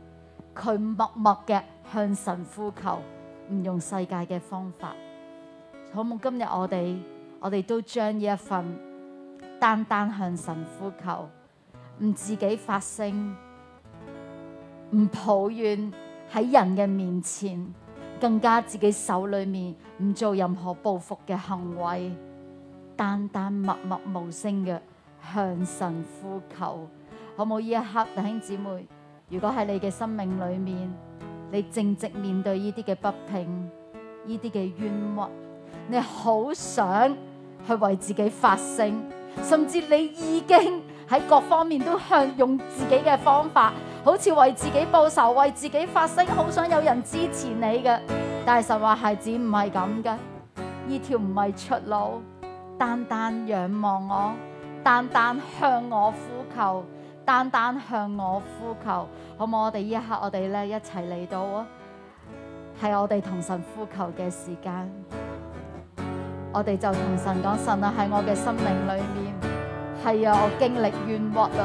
佢默默嘅向神呼求。唔用世界嘅方法，好冇？今日我哋我哋都將呢一份單單向神呼求，唔自己發聲，唔抱怨喺人嘅面前，更加自己手裏面唔做任何報復嘅行為，單單默默無聲嘅向神呼求，好唔好？呢一刻弟兄姊妹，如果喺你嘅生命裏面。你正直面對呢啲嘅不平，呢啲嘅冤屈，你好想去為自己發聲，甚至你已經喺各方面都向用自己嘅方法，好似為自己報仇、為自己發聲，好想有人支持你嘅。但係實話，孩子唔係咁嘅，呢條唔係出路。單單仰望我，單單向我呼求。單單向我呼求，好冇？我哋依一刻我哋呢，我哋咧一齊嚟到啊！係我哋同神呼求嘅時間，我哋就同神講神啊！喺我嘅生命裏面，係啊，我經歷冤屈啊，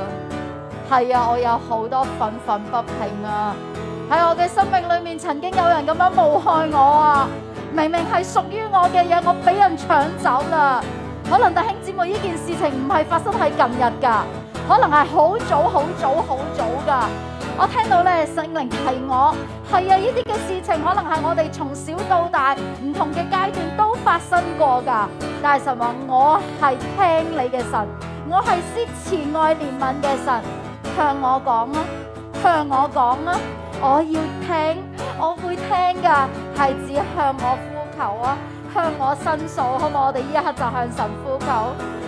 係啊，我有好多憤憤不平啊！喺、啊、我嘅生命裏面，曾經有人咁樣誣害我啊！明明係屬於我嘅嘢，我俾人搶走啦！可能弟兄姊妹呢件事情唔係發生喺近日噶。可能係好早、好早、好早噶，我聽到咧聖靈係我係啊呢啲嘅事情，可能係我哋從小到大唔同嘅階段都發生過噶。大神話我係聽你嘅神，我係慈慈愛憐憫嘅神，向我講啊，向我講啊，我要聽，我會聽噶，係指向我呼求啊，向我申訴，好冇？我哋依一刻就向神呼求。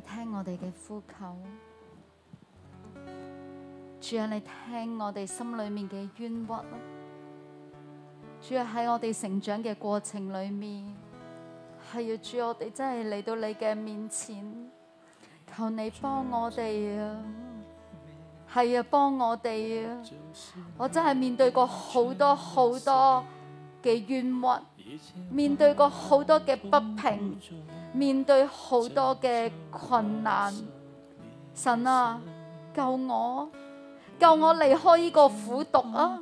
聽我哋嘅呼求，主要你聽我哋心裏面嘅冤屈啦！主要，喺我哋成長嘅過程裏面，係要主我哋真係嚟到你嘅面前，求你幫我哋啊！係啊，幫我哋啊！我真係面對過好多好多嘅冤屈。面對過好多嘅不平，面對好多嘅困難，神啊，救我，救我離開呢個苦毒啊，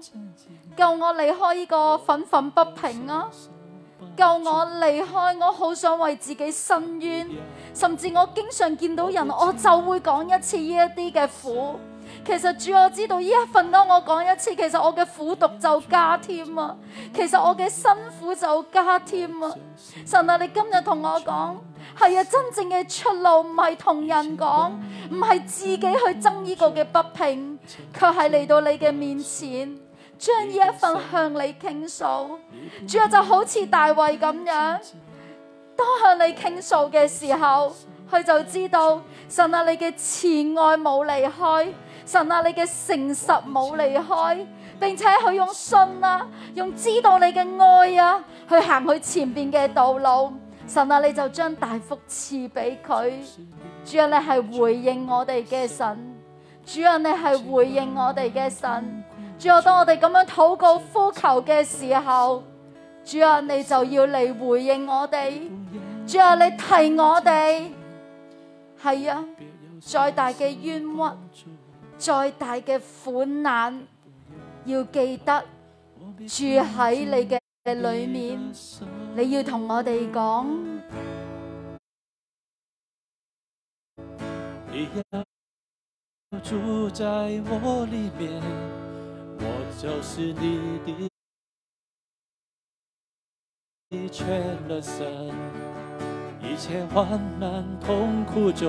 救我離開呢個憤憤不平啊，救我離開，我好想為自己申冤，甚至我經常見到人，我就會講一次呢一啲嘅苦。其實主，我知道呢一份當我講一次，其實我嘅苦毒就加添啊，其實我嘅辛苦就加添啊。神啊，你今日同我講，係啊，真正嘅出路唔係同人講，唔係自己去爭呢個嘅不平，佢係嚟到你嘅面前，將呢一份向你傾訴。主啊，就好似大衛咁樣，當向你傾訴嘅時候，佢就知道神啊，你嘅慈愛冇離開。神啊，你嘅誠實冇離開，並且佢用信啊，用知道你嘅愛啊，去行去前面嘅道路。神啊，你就將大福賜俾佢。主啊，你係回應我哋嘅神，主啊，你係回應我哋嘅神。主啊，當我哋咁樣禱告、呼求嘅時候，主啊，你就要嚟回應我哋。主啊，你提我哋。係啊，再大嘅冤屈。再大嘅困難，要記得住喺你嘅裏面。你要同我哋講。你要住喺我裏面，我就是你的一切。患難痛苦中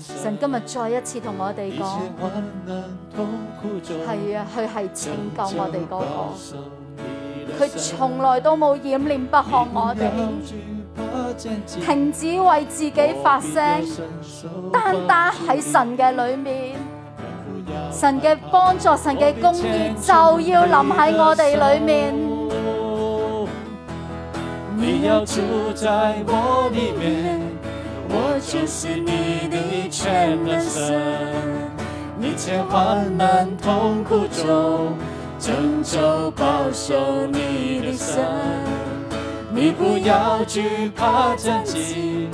神今日再一次我一切同我哋講，係啊，佢係拯救我哋嗰個，佢從來都冇掩臉不看我哋。你要住停止為自己發聲，單單喺神嘅裏面，不不神嘅幫助，神嘅公義就要臨喺我哋裏面。我我就是你的全能神，一切患難痛苦中拯救保守你的神，你不要懼怕自己，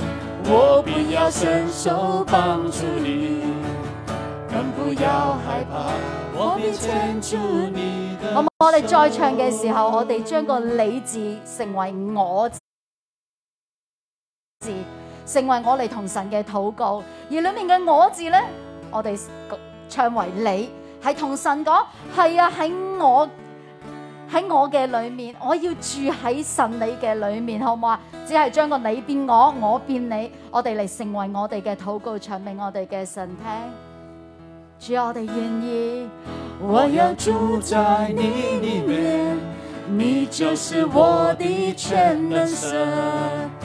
我不要伸手幫助你，更不要害怕，我必牽住你的好。我我哋再唱嘅時候，我哋將個你字成為我字。成為我哋同神嘅禱告，而裏面嘅我字咧，我哋唱為你，係同神講，係啊喺我喺我嘅裏面，我要住喺神你嘅裏面，好唔好啊？只係將個你變我，我變你，我哋嚟成為我哋嘅禱告，唱俾我哋嘅神聽。只要我哋願意，我要住在你裏面，你就是我的全能神。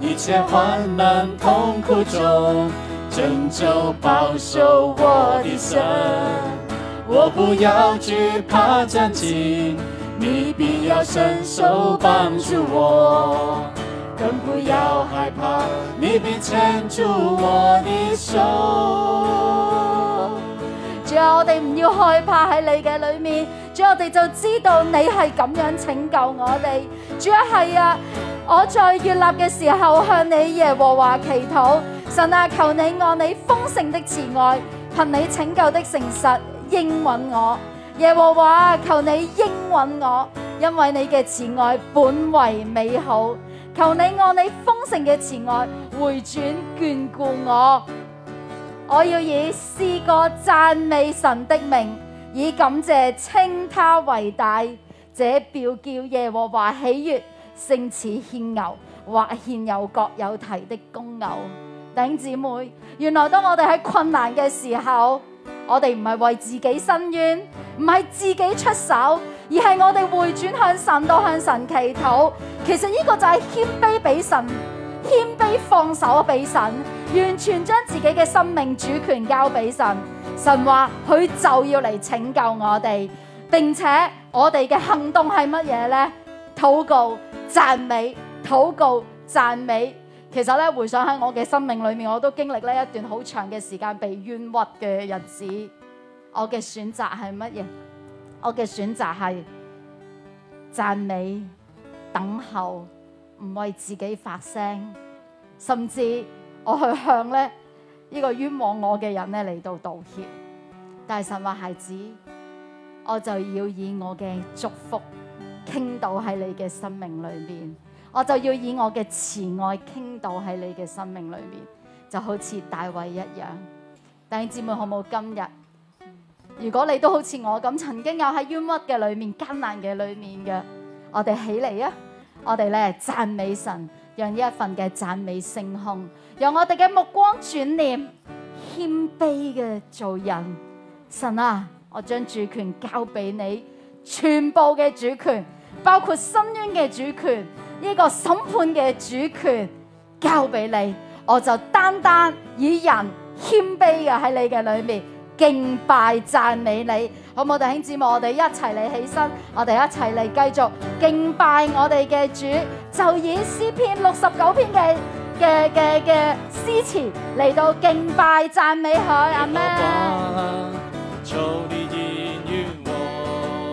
一切患難痛苦中，拯救保守我的身，我不要懼怕戰兢，你必要伸手幫助我，更不要害怕，你必牽住我的手。只要我哋唔要害怕喺你嘅裏面。主啊，我哋就知道你係咁樣拯救我哋。主要係啊，我在悅納嘅時候，向你耶和華祈禱。神啊，求你按你豐盛的慈愛，憑你拯救的誠實應允我。耶和華，求你應允我，因為你嘅慈愛本為美好。求你按你豐盛嘅慈愛回轉眷顧我。我要以詩歌讚美神的名。以感謝稱他為大，這表叫耶和華喜悦，勝似獻牛或獻有角有蹄的公牛。弟兄姊妹，原來當我哋喺困難嘅時候，我哋唔係為自己申冤，唔係自己出手，而係我哋回轉向神，到向神祈禱。其實呢個就係謙卑俾神，謙卑放手俾神，完全將自己嘅生命主權交俾神。神話佢就要嚟拯救我哋，並且我哋嘅行動係乜嘢呢？禱告讚美，禱告讚美。其實咧，回想喺我嘅生命裏面，我都經歷咧一段好長嘅時間被冤屈嘅日子。我嘅選擇係乜嘢？我嘅選擇係讚美、等候，唔為自己發聲，甚至我去向呢。呢個冤枉我嘅人呢嚟到道歉，但神話，孩子，我就要以我嘅祝福傾倒喺你嘅生命裏面，我就要以我嘅慈愛傾倒喺你嘅生命裏面，就好似大衛一樣。弟兄姊妹好冇？今日如果你都好似我咁，曾經有喺冤屈嘅裏面、艱難嘅裏面嘅，我哋起嚟啊！我哋咧讚美神，讓呢一份嘅讚美升空。讓我哋嘅目光轉念，謙卑嘅做人。神啊，我將主權交俾你，全部嘅主權，包括深淵嘅主權，呢個審判嘅主權，交俾你。我就單單以人謙卑嘅喺你嘅裏面敬拜讚美你。好唔好？弟兄姊妹，我哋一齊嚟起身，我哋一齊嚟繼續敬拜我哋嘅主。就以詩篇六十九篇嘅。嘅嘅嘅詩詞，嚟到敬拜讚美佢阿媽，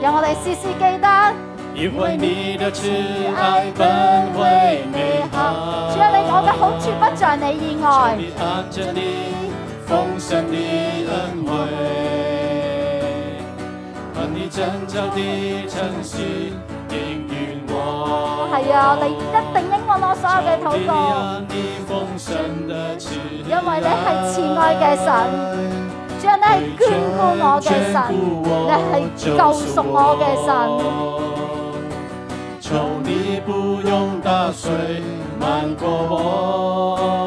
讓我哋時時記得，因為你的慈愛，本為美好。主啊，你我嘅好處不在你以外，係啊，你、哦、一定應允我所有嘅禱告，因為你係慈愛嘅神，將，你係眷顧我嘅神，你係救贖我嘅神。求你不用打我。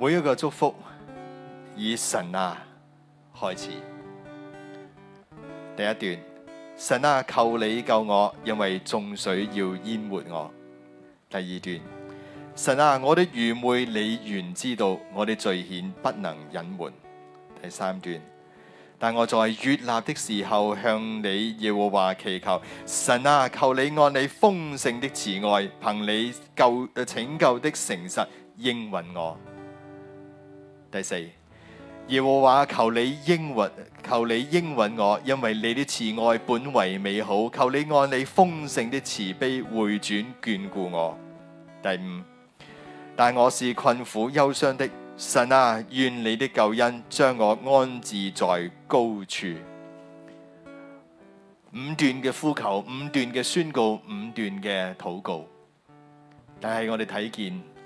每一個祝福以神啊開始。第一段，神啊，求你救我，因為眾水要淹沒我。第二段，神啊，我的愚昧，你原知道；我的罪愆不能隱瞞。第三段，但我在悅納的時候，向你耶和華祈求，神啊，求你按你豐盛的慈愛，憑你救拯救的誠實應允我。第四，耶和華，求你應允，求你應允我，因為你的慈愛本為美好，求你按你豐盛的慈悲回轉眷顧我。第五，但我是困苦憂傷的，神啊，願你的救恩將我安置在高處。五段嘅呼求，五段嘅宣告，五段嘅禱告，但係我哋睇見。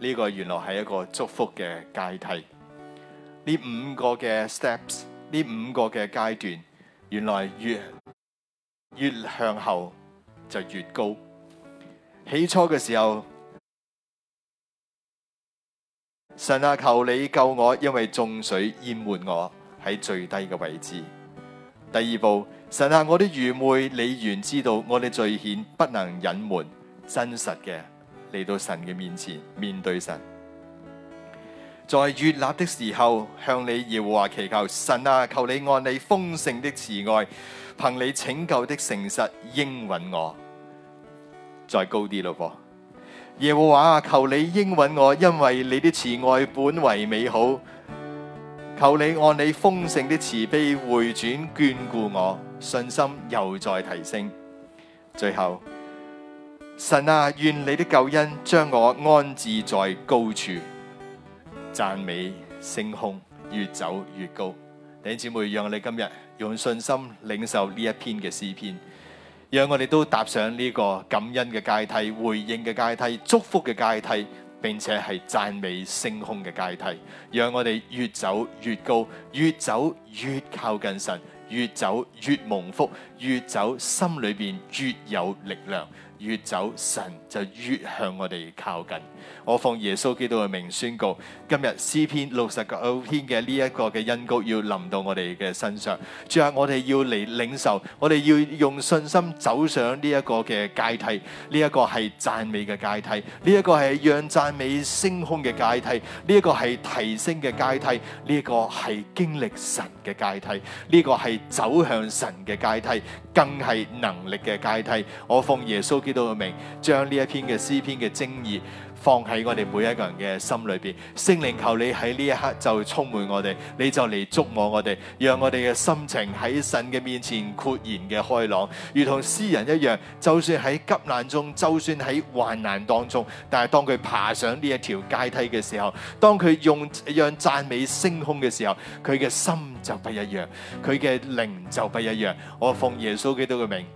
呢個原來係一個祝福嘅階梯，呢五個嘅 steps，呢五個嘅階段，原來越越向後就越高。起初嘅時候，神啊，求你救我，因為眾水淹沒我喺最低嘅位置。第二步，神啊，我的愚昧，你原知道我哋罪愆不能隱瞞，真實嘅。嚟到神嘅面前，面對神，在悅納的時候向你耶和華祈求，神啊，求你按你豐盛的慈愛，憑你拯救的誠實應允我。再高啲咯，噃，耶和華啊，求你應允我，因為你啲慈愛本為美好，求你按你豐盛的慈悲回轉眷顧我，信心又再提升。最後。神啊，願你的救恩將我安置在高處，讚美星空，越走越高。弟姐妹，讓你今日用信心領受呢一篇嘅詩篇，讓我哋都踏上呢個感恩嘅階梯、回應嘅階梯、祝福嘅階梯，並且係讚美星空嘅階梯。讓我哋越走越高，越走越靠近神，越走越蒙福，越走心裏邊越有力量。越走神。就越向我哋靠近。我奉耶穌基督嘅名宣告，今日詩篇六十九篇嘅呢一個嘅恩膏要臨到我哋嘅身上。最後我哋要嚟領受，我哋要用信心走上呢一個嘅階梯。呢一個係讚美嘅階梯，呢一個係讓讚美升空嘅階梯，呢一個係提升嘅階梯，呢一個係經歷神嘅階梯，呢個係走向神嘅階梯，更係能力嘅階梯。我奉耶穌基督嘅名，將呢。一篇嘅詩篇嘅精義放喺我哋每一個人嘅心裏邊，聖靈求你喺呢一刻就充滿我哋，你就嚟捉我我哋，讓我哋嘅心情喺神嘅面前豁然嘅開朗，如同詩人一樣，就算喺急難中，就算喺患難當中，但係當佢爬上呢一條階梯嘅時候，當佢用讓讚美升空嘅時候，佢嘅心就不一樣，佢嘅靈就不一樣。我奉耶穌基督嘅名。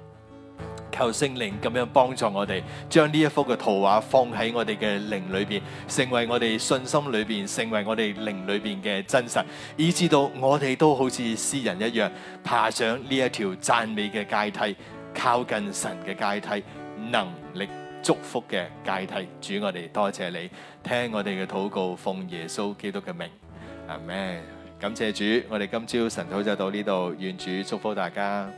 求聖靈咁樣幫助我哋，將呢一幅嘅圖畫放喺我哋嘅靈裏邊，成為我哋信心裏邊，成為我哋靈裏邊嘅真實，以至到我哋都好似詩人一樣，爬上呢一條讚美嘅階梯，靠近神嘅階梯，能力祝福嘅階梯。主我哋多謝你，聽我哋嘅禱告，奉耶穌基督嘅名，阿門。感謝主，我哋今朝神禱就到呢度，願主祝福大家。